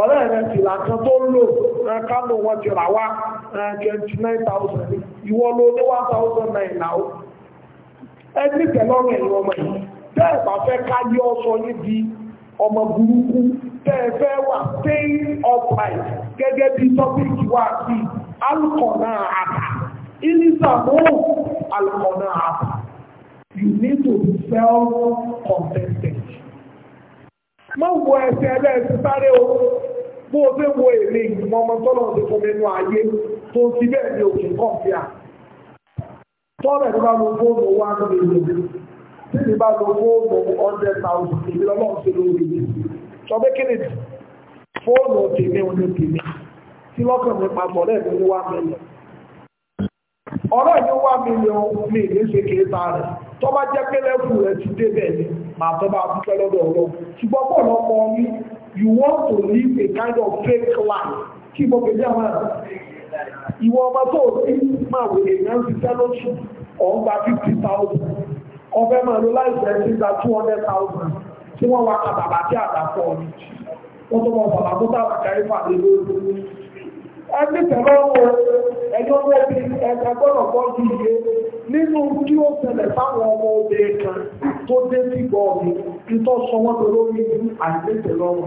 ọ̀rẹ́ rẹ̀ fìlà kan tó ń lò kánò wọn ti rà wá twenty nine thousand ìwọ ló ní one thousand nine náà ẹni tẹ̀lọ́rùn ẹ̀yìn ọmọ yìí tẹ́ ẹ̀ bá fẹ́ ká yí ọsọ yín di ọmọ burúkú tẹ́ ẹ fẹ́ wà staying upright gẹ́gẹ́ bí tọ́pìkì wà sí alukọ̀nà àtà ìlísàmù alukọ̀nà àtà you need to be self-contented. Mọ̀ wọ ẹsẹ̀ ẹlẹ́sìn sáré o. bó o fẹ́ wo èmi ìgbìmọ̀ ọmọ tọ́lọ̀ ti fún mi nú ayé tó ń ti bẹ́ẹ̀ ní òkè kọ̀ọ̀fíà tọ́lẹ̀ tó bá lo fóònù wá ń lè lò tí mi bá lo fóònù hundred ṣe lórí mi sọ pé kí ni fóònù tèmi ò ní tèmi tí lọ́kàn mi ní wá mílíọ̀n wá mílíọ̀n mi ní ṣe rẹ̀ bá jẹ́ pé you want to live a kind of fake life kí mo gbèjá máa ìwọ ọmọ tó ti máa wèrè náà ti fẹ́lọ́ṣù ọ̀n gba 50,000 ọfẹ́ máa lo láìpẹ́ sí gba 200,000 tí wọ́n wá àbàbà tí àdàpọ̀ ni wọ́n tó mọ̀ bàbá tó tàbí kárí pàdé lórí ẹni tẹ̀lọ́ wo ẹjọ́ lẹ́bi ẹ̀ka gbọ́dọ̀ bọ́ sí iye nínú kí ó ṣẹlẹ̀ fáwọn ọmọ obìnrin kan tó dé sí bọ́ọ̀lù ìtọ́sọ́wọ́n lórí àìlẹ́tẹ̀lọ́wọ́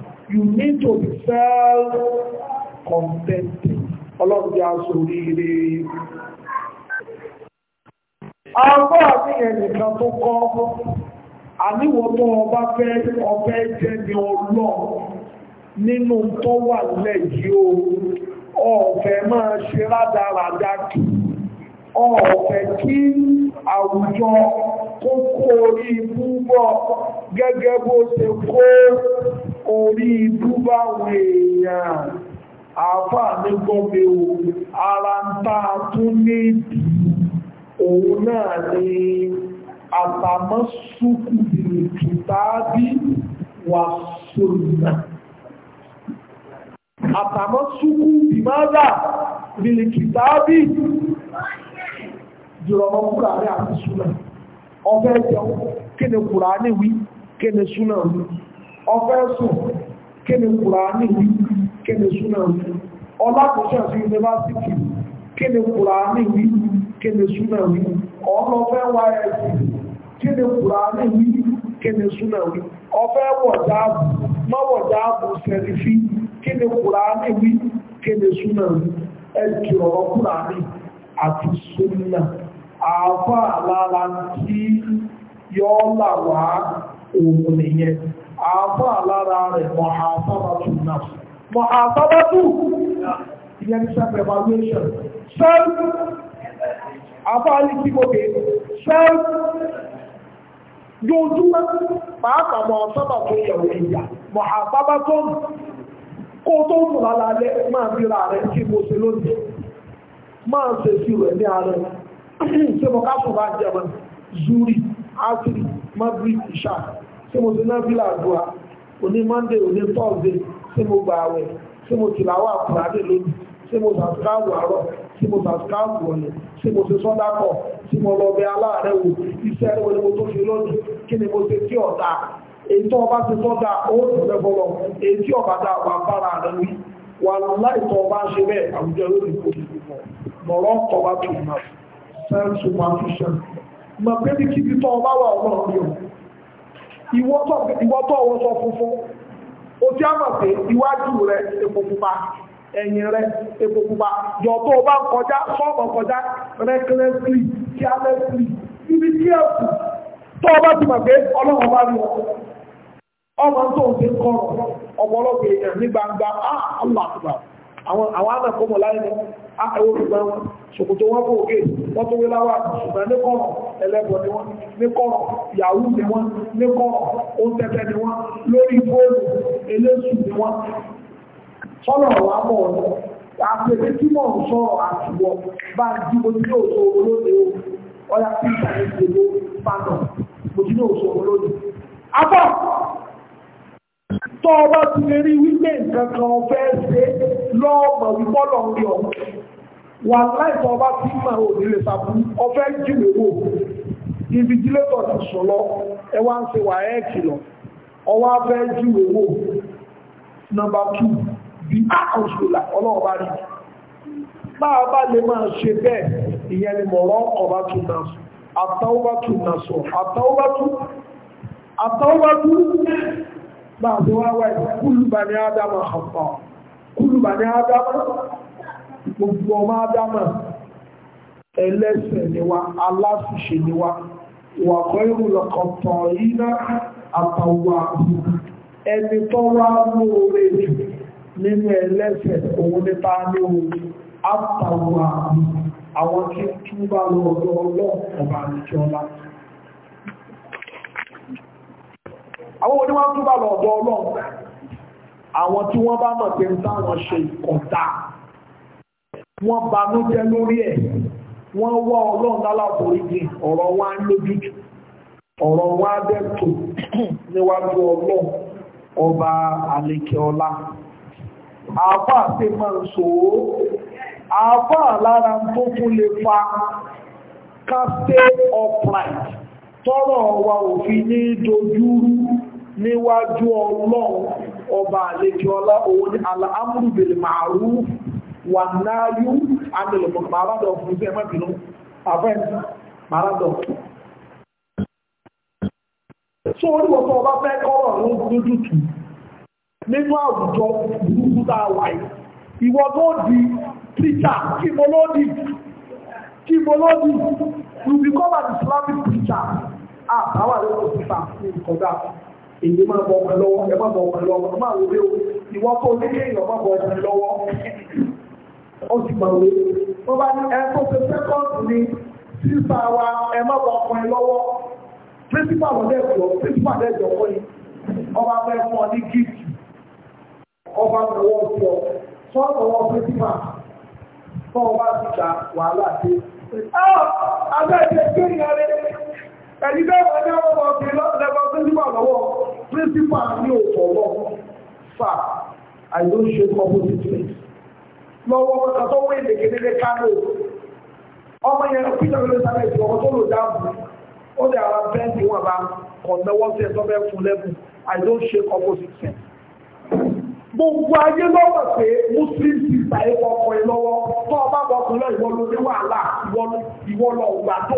you need to be self-contented ọlọ́run jẹ́ aṣọ oríire àwọn àníyàn nìkan tó kọ́ àníwọ̀ tó ọba fẹ́ ọfẹ́ jẹ́ ní ọlọ́ nínú tó wà lẹ̀ yìí o ọ̀fẹ́ máa ṣe rádaràdá kìí ọ̀fẹ́ kí àwùjọ kó kó orí ibú bọ̀ gẹ́gẹ́ bó ṣe kó orí búbá àwọn èèyàn àfà ní gọ́gbé o ara ń tá a tún ní ìdí òun náà ni àtàmọ́sùkù ìtùtàbí wà sùnnà àtàmọ́sùkù ìmáàdà bìlìkìtàbí jùlọmọ́ kúràrí àti súnà ọfẹ́ jẹun kí ni kùrà níwí kí ni súnà wí ọfẹ́ sùn kí ni kùránì yìí kí ni súnà yìí ọlákùnṣẹ́ sí yunifásitì kí ni kùránì yìí kí ni súnà yìí ọlọ́fẹ́ wá ẹ̀sìn kí ni kùránì yìí kí ni súnà yìí ọfẹ́ wọ̀dáàbù mọ́wọ̀dáàbù sẹ̀rífì kí ni kùránì yìí kí ni súnà yìí ẹ̀kì ọ̀rọ̀ kùránì àti súnà àáfàá lára tí yọ́ là òun nìyẹn àáfà lára rẹ̀ mọ̀hásábàtú náà mọ̀hásábàtú ìyẹn self evaluation self àfáàlì tí mo bèé self yóò dúró pàápàá mọ̀hásábàtú yẹ̀wò ìyà mọ̀hásábàtú kó tó ń múra lálẹ́ máa bí ra rẹ̀ tí mo ṣe lónìí máa ń ṣe sí rẹ̀ ní ààrẹ ṣe mọ̀ ká sùn zuri asiri magri ìṣáà tí mo ti náfílà àdúrà òní monday òní thursday tí mo gbà àwẹ̀ tí mo ti làwọ̀ àkùrádé lónìí tí mo sàtúkàwò àárọ̀ tí mo sàtúkàwò ọ̀lẹ̀ tí mo ti sọ́dá kọ̀ tí mo lọ bẹ aláàrẹ̀ wò iṣẹ́ ẹ̀rọ ni mo tó fi lónìí kí ni mo ti tí ọ̀dà èyí tó ọba ti sọ́dá ó tún fẹ́ fọlọ́ èyí tí ọba dá wà bára rẹ̀ wí wà láì tó ọba ṣe bẹ́ẹ̀ àwùjọ lónìí kò sì fún ọ lọ́rọ́ tọba tó máa self supervision mọ̀ pé ní kíbi tó ọba wà ọlọ́run yọ̀ ìwọ́tọ̀ ọwọ́ sọ funfun o tí a mọ̀ pé iwájú rẹ epo pupa ẹ̀yìn rẹ epo pupa jọ tó o bá ń kọjá sọ́ọ̀mọ̀ kọjá rẹ́kẹ́lẹ́sì kí á lẹ́sì ibi tí ẹ̀ kù tó o bá ti mọ̀ pé ọlọ́run bá rí ọmọ tó ń ṣe kọrọ̀ ọ̀pọ̀lọpọ̀ èèyàn ní gbangba ah Allah akbar àwọn àmàkómọ̀ láyé ní àwọn olùgbà wọn ṣòkòtò wọn kò gé wọ́n tó wé láwà ṣùgbọ́n ní kọ́rọ̀ ẹlẹ́bọ̀ ni wọ́n ní kọ́rọ̀ yahoo ni wọ́n ní kọ́rọ̀ oúnjẹ́tẹ́ ni wọ́n lórí fóònù eléṣù ni wọ́n sọ́rọ̀ wà mọ̀ ọ̀nà àpèrè tí mọ̀ ń sọ̀rọ̀ àtìwọ̀ bá ń dí ojú ní òṣò olóde o ọ̀yà píṣà ní ìṣèlú pàtó ojú ní òṣò olóde. abọ́ tọ́ ọba ti lè rí wípé nǹkan kan ọ̀fẹ́ ṣe lọ́ọ̀mọ̀ wípọ́lọ̀ ń yọ wà láìsọ ọba tí mà ò nílé sàbú ọ̀fẹ́ jìwé wò ibi jílẹ̀tọ̀ ti sọ̀lọ́ ẹ wá ń ṣe wà ẹ́ kìlọ̀ ọwọ́ afẹ́ jìwé wò nọmba tù bí àkọsùlà ọlọ́ọ̀bá rí máa bá lè máa ṣe bẹ́ẹ̀ ìyẹn ni mọ̀rọ̀ ọba tù náà àtàwọ́bá tù náà àtàwọ́bá tù àtàwọ́bá tù bá ti wá wáyé kúlùbà ní ádámà ọ̀pọ̀ kúlùbà ní ádámà gbogbo ọmọ ádámà ẹlẹ́sẹ̀ ni wá aláṣìṣe ni wá wà kọ́ ìrùlọ̀kọ̀tọ̀ yìí náà àtàwà ẹni tó wá lóore jù nínú ẹlẹ́sẹ̀ òun ní ní ohun àtàwà àwọn tí túbà lọ́dọ̀ ọlọ́ọ̀kọ̀ọ̀bà àjọ́lá àwọn òní wọ́n túbà lọ ọ̀dọ̀ ọlọ́run àwọn tí wọ́n bá mọ̀ pé ń táwọn ṣe ìkọ̀dá wọ́n banújẹ́ lórí ẹ̀ wọ́n wá ọlọ́run lálàforíjì ọ̀rọ̀ wọn á lójútù ọ̀rọ̀ wọn á dẹ́tò níwájú ọlọ́run ọba àlekè ọlá àáfà ṣe máa ń ṣòwò àáfà lára tó tún lè fa ká stay upright tọ́rọ̀ wa ò fi ní dojúrú níwájú ọlọ́run ọba àlejò ọlá òun ni alhamdu bil ma'ruf wà náyú amílùmọ̀ màrádọ̀ fún iṣẹ́ mẹ́bìnú àfẹ́ màrádọ̀. tó oníwọ̀tọ̀ ọba fẹ́ kọ́rọ̀ ló dúdú tù nínú àwùjọ burúkú tá a wà yìí ìwọ tó di píṣà kí mo ló di kí mo ló di you become an Islamic preacher ah, àbáwá ló ló fi fà ní ìkọjá fún èyí máa bọ ọmọ lọ́wọ́ ẹ má bọ ọmọ lọ́wọ́ ọmọ àwọn olówó ìwọ́n tó ní kéèyàn má bọ ọmọ lọ́wọ́ ó sì mọ̀ wé wọ́n bá ní ẹ tó ṣe sẹ́kọ́ǹtì ní sísá wa ẹ má bọ ọmọ lọ́wọ́ pírísípà lọ́dẹ̀ẹ́jọ́ pírísípà lọ́dẹ̀ẹ́jọ́ kọ́ ni ọba fẹ́ fún ọ ní gíìtì ọba lọ́wọ́ fún ọ fọ́ọ̀tọ̀ wọ pírísípà fọ́ọ̀ bá ti gbà wàhálà dé. Ah! ẹni bẹ́ẹ̀ wọ́n ní ọmọ ọ̀gbìn lẹ́gbọ́n píríncípà lọ́wọ́ píríncípà ní òfò lọ fà àìlóṣe composition lọ́wọ́ ọ̀gá tó wé èdè kedere kánò ọmọ yẹn peter willis alex gbogbo ayé lọ́wọ́ pé muslim ti ta ẹ̀kọ́ ọkọ̀ ẹ̀ tó ọba bọ̀ ọkùnrin ìwọ ló ní wàhálà ìwọ lọ tó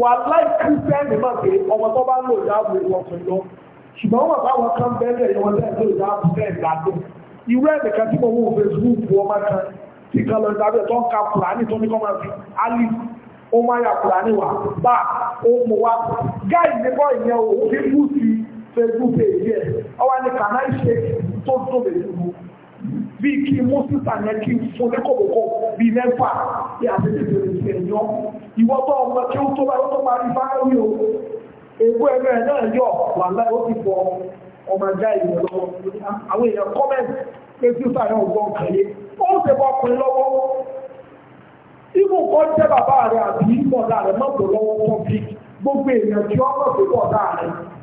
wà láì kírísítẹ́nì máa pé ọmọ tó bá ń lò ìdáàbò ìwọ pẹ̀lú ṣùgbọ́n wọn báwọn kan bẹ́ẹ̀lẹ̀ ìwọ lẹ́ẹ̀lò ìdáàbò bẹ́ẹ̀ dáadọ́ irú ẹ̀nìkan tí mo wò Facebook ọmọ kan tí kan lọ ìdáàbò tó ń ka Kùránì tó ní kọ́ máa fi alì ó máa yà Kùránì wà bá ó mú wa gáì ní bọ́ ìyẹn òfin mú sí Facebook page. ẹ̀ ọwọ́ ni kànáì ṣe tó tó lè bí kí mú sísà yẹn kí fún ní kòkòkò bí mẹ́fà tí a ti tètè rè sí ẹ̀yọ́ ìwọ́ tó ọmọ tí ó tó bá tó bá rí bá rí o ègbó ẹgbẹ́ ẹ̀ náà yọ wà láì ó ti fọ ọmọ ajá ìwọ̀ lọ́wọ́ àwọn èèyàn kọ́mẹ̀ntì pé sísà yẹn ò gbọ́n kàyé ó ń ṣe bọ́ ọkùnrin lọ́wọ́ ibù kọ́ jẹ́ bàbá rẹ̀ àbí bọ̀dá rẹ̀ mọ́tò lọ́wọ́ pọ́bí gbogbo èèyàn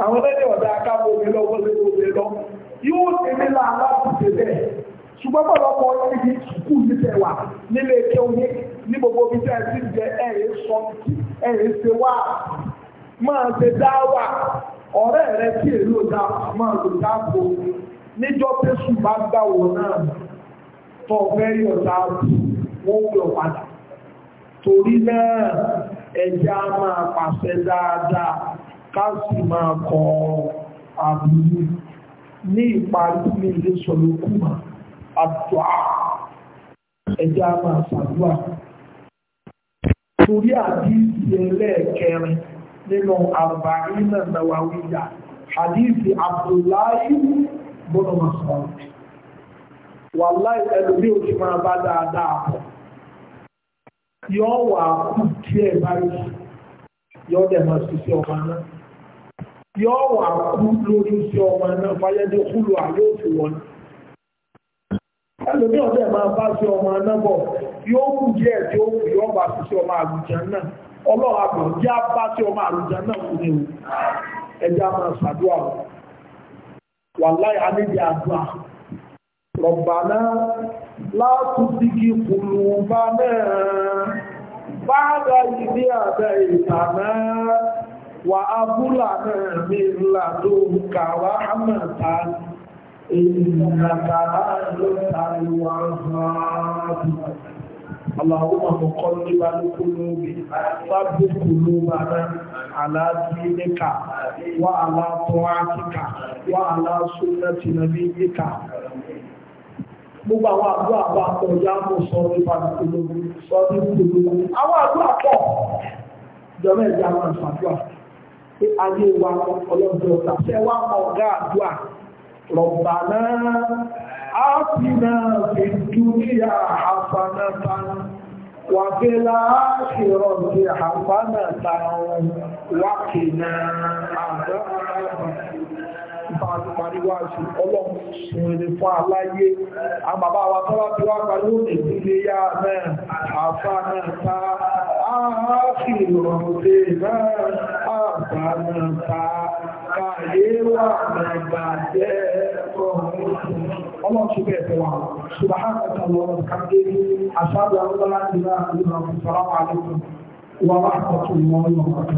àwọn ẹlẹ́dẹ̀ ọ̀dá akábòmí lọ gbọ́sẹ̀gbòmí lọ yóò ṣe nílá aláàbùsẹ̀ bẹ́ẹ̀ ṣùgbọ́n pọ̀lọpọ̀ ibi sùkúù níbẹ̀ wà nílé ẹ̀kẹ́ oní ní gbogbo ibi tẹ́ ẹ ti jẹ ẹ̀rí sọ ẹ̀rí ṣe wá máa ṣe dá wà ọ̀rẹ́ rẹ kí èlò dá máa lò dáàbò níjọ́ pẹ́sù bá gbà wò náà tọ́ fẹ́rí ọ̀dà wọ́n ń padà torí náà ẹ̀jẹ̀ máa pàṣẹ dáadáa ká sì máa kọ àbúrú ní ìparí ní ilé sọlókùnmá àdúrà ẹja máa ṣàdúrà torí àdíìsì ẹlẹ́ẹ̀kẹrin nínú àrùbáyínà nàwàwíyà àdíìsì Abdullahi bọ́nà Mas'ud wàláì ẹlòmí ò ti máa bá dáadáa pọ̀ yọ wà kù díẹ̀ báyìí yọ dẹ̀ máa ṣiṣẹ́ ọmọ náà yọ́ wà kú lórí iṣẹ́ ọmọ náà fayẹ́dé kúlò àyó òfin wọn ẹlòmí ọ̀dẹ́ máa bá sí ọmọ náà bọ̀ yóò kú díẹ̀ tí ó kù yọ́ bá sí ọmọ àlùjàn náà ọlọ́run àgbọ̀n jẹ́ bá sí ọmọ àlùjàn náà kú ní o ẹja máa ṣàdúrà o wà láì anídìí àdúrà rọ̀bàná látúndígí kùlù bá náà bá dá ìdí àdá ìtàná wa á búlà náà mi ńlá tó kà wá àmàta ìrìnàkà lọ́tàrí wà fàábì. Allahumma muqallib al-qulubi thabbit mara ala wa ala wa ala gbogbo àwọn àdúrà àbá pọ̀ ya sọ sọ ní àwọn àdúrà pọ̀ àwọn àdúrà pé ayé wa ọlọ́dún ọ̀tà fẹ́ wá mọ ọ̀gá àdúà rọ̀bàná ápìnà ìdúníà àfànàtà wà fẹ́ láàṣìrọ̀ sí àfànàtà wákìnà àdáhàbà tààtù parí wá sí ọlọ́run ìrìn fún aláyé àbàbá wa tó wá ti wá parí ó lè ní ilé yá náà àfà náà ta áàfì ìrọ̀rùn náà àbà náà ta káyé wà náà bàjẹ́ ọlọ́run ṣubẹ̀ ẹ̀fẹ́ wa subahánàtà lọ́rọ̀ kàdé aṣáájú àwọn ọlọ́run ti náà ní ọ̀rọ̀ sọ́rọ̀ wà lẹ́kùn wà wà àkọ́tù mọ́ ọlọ́run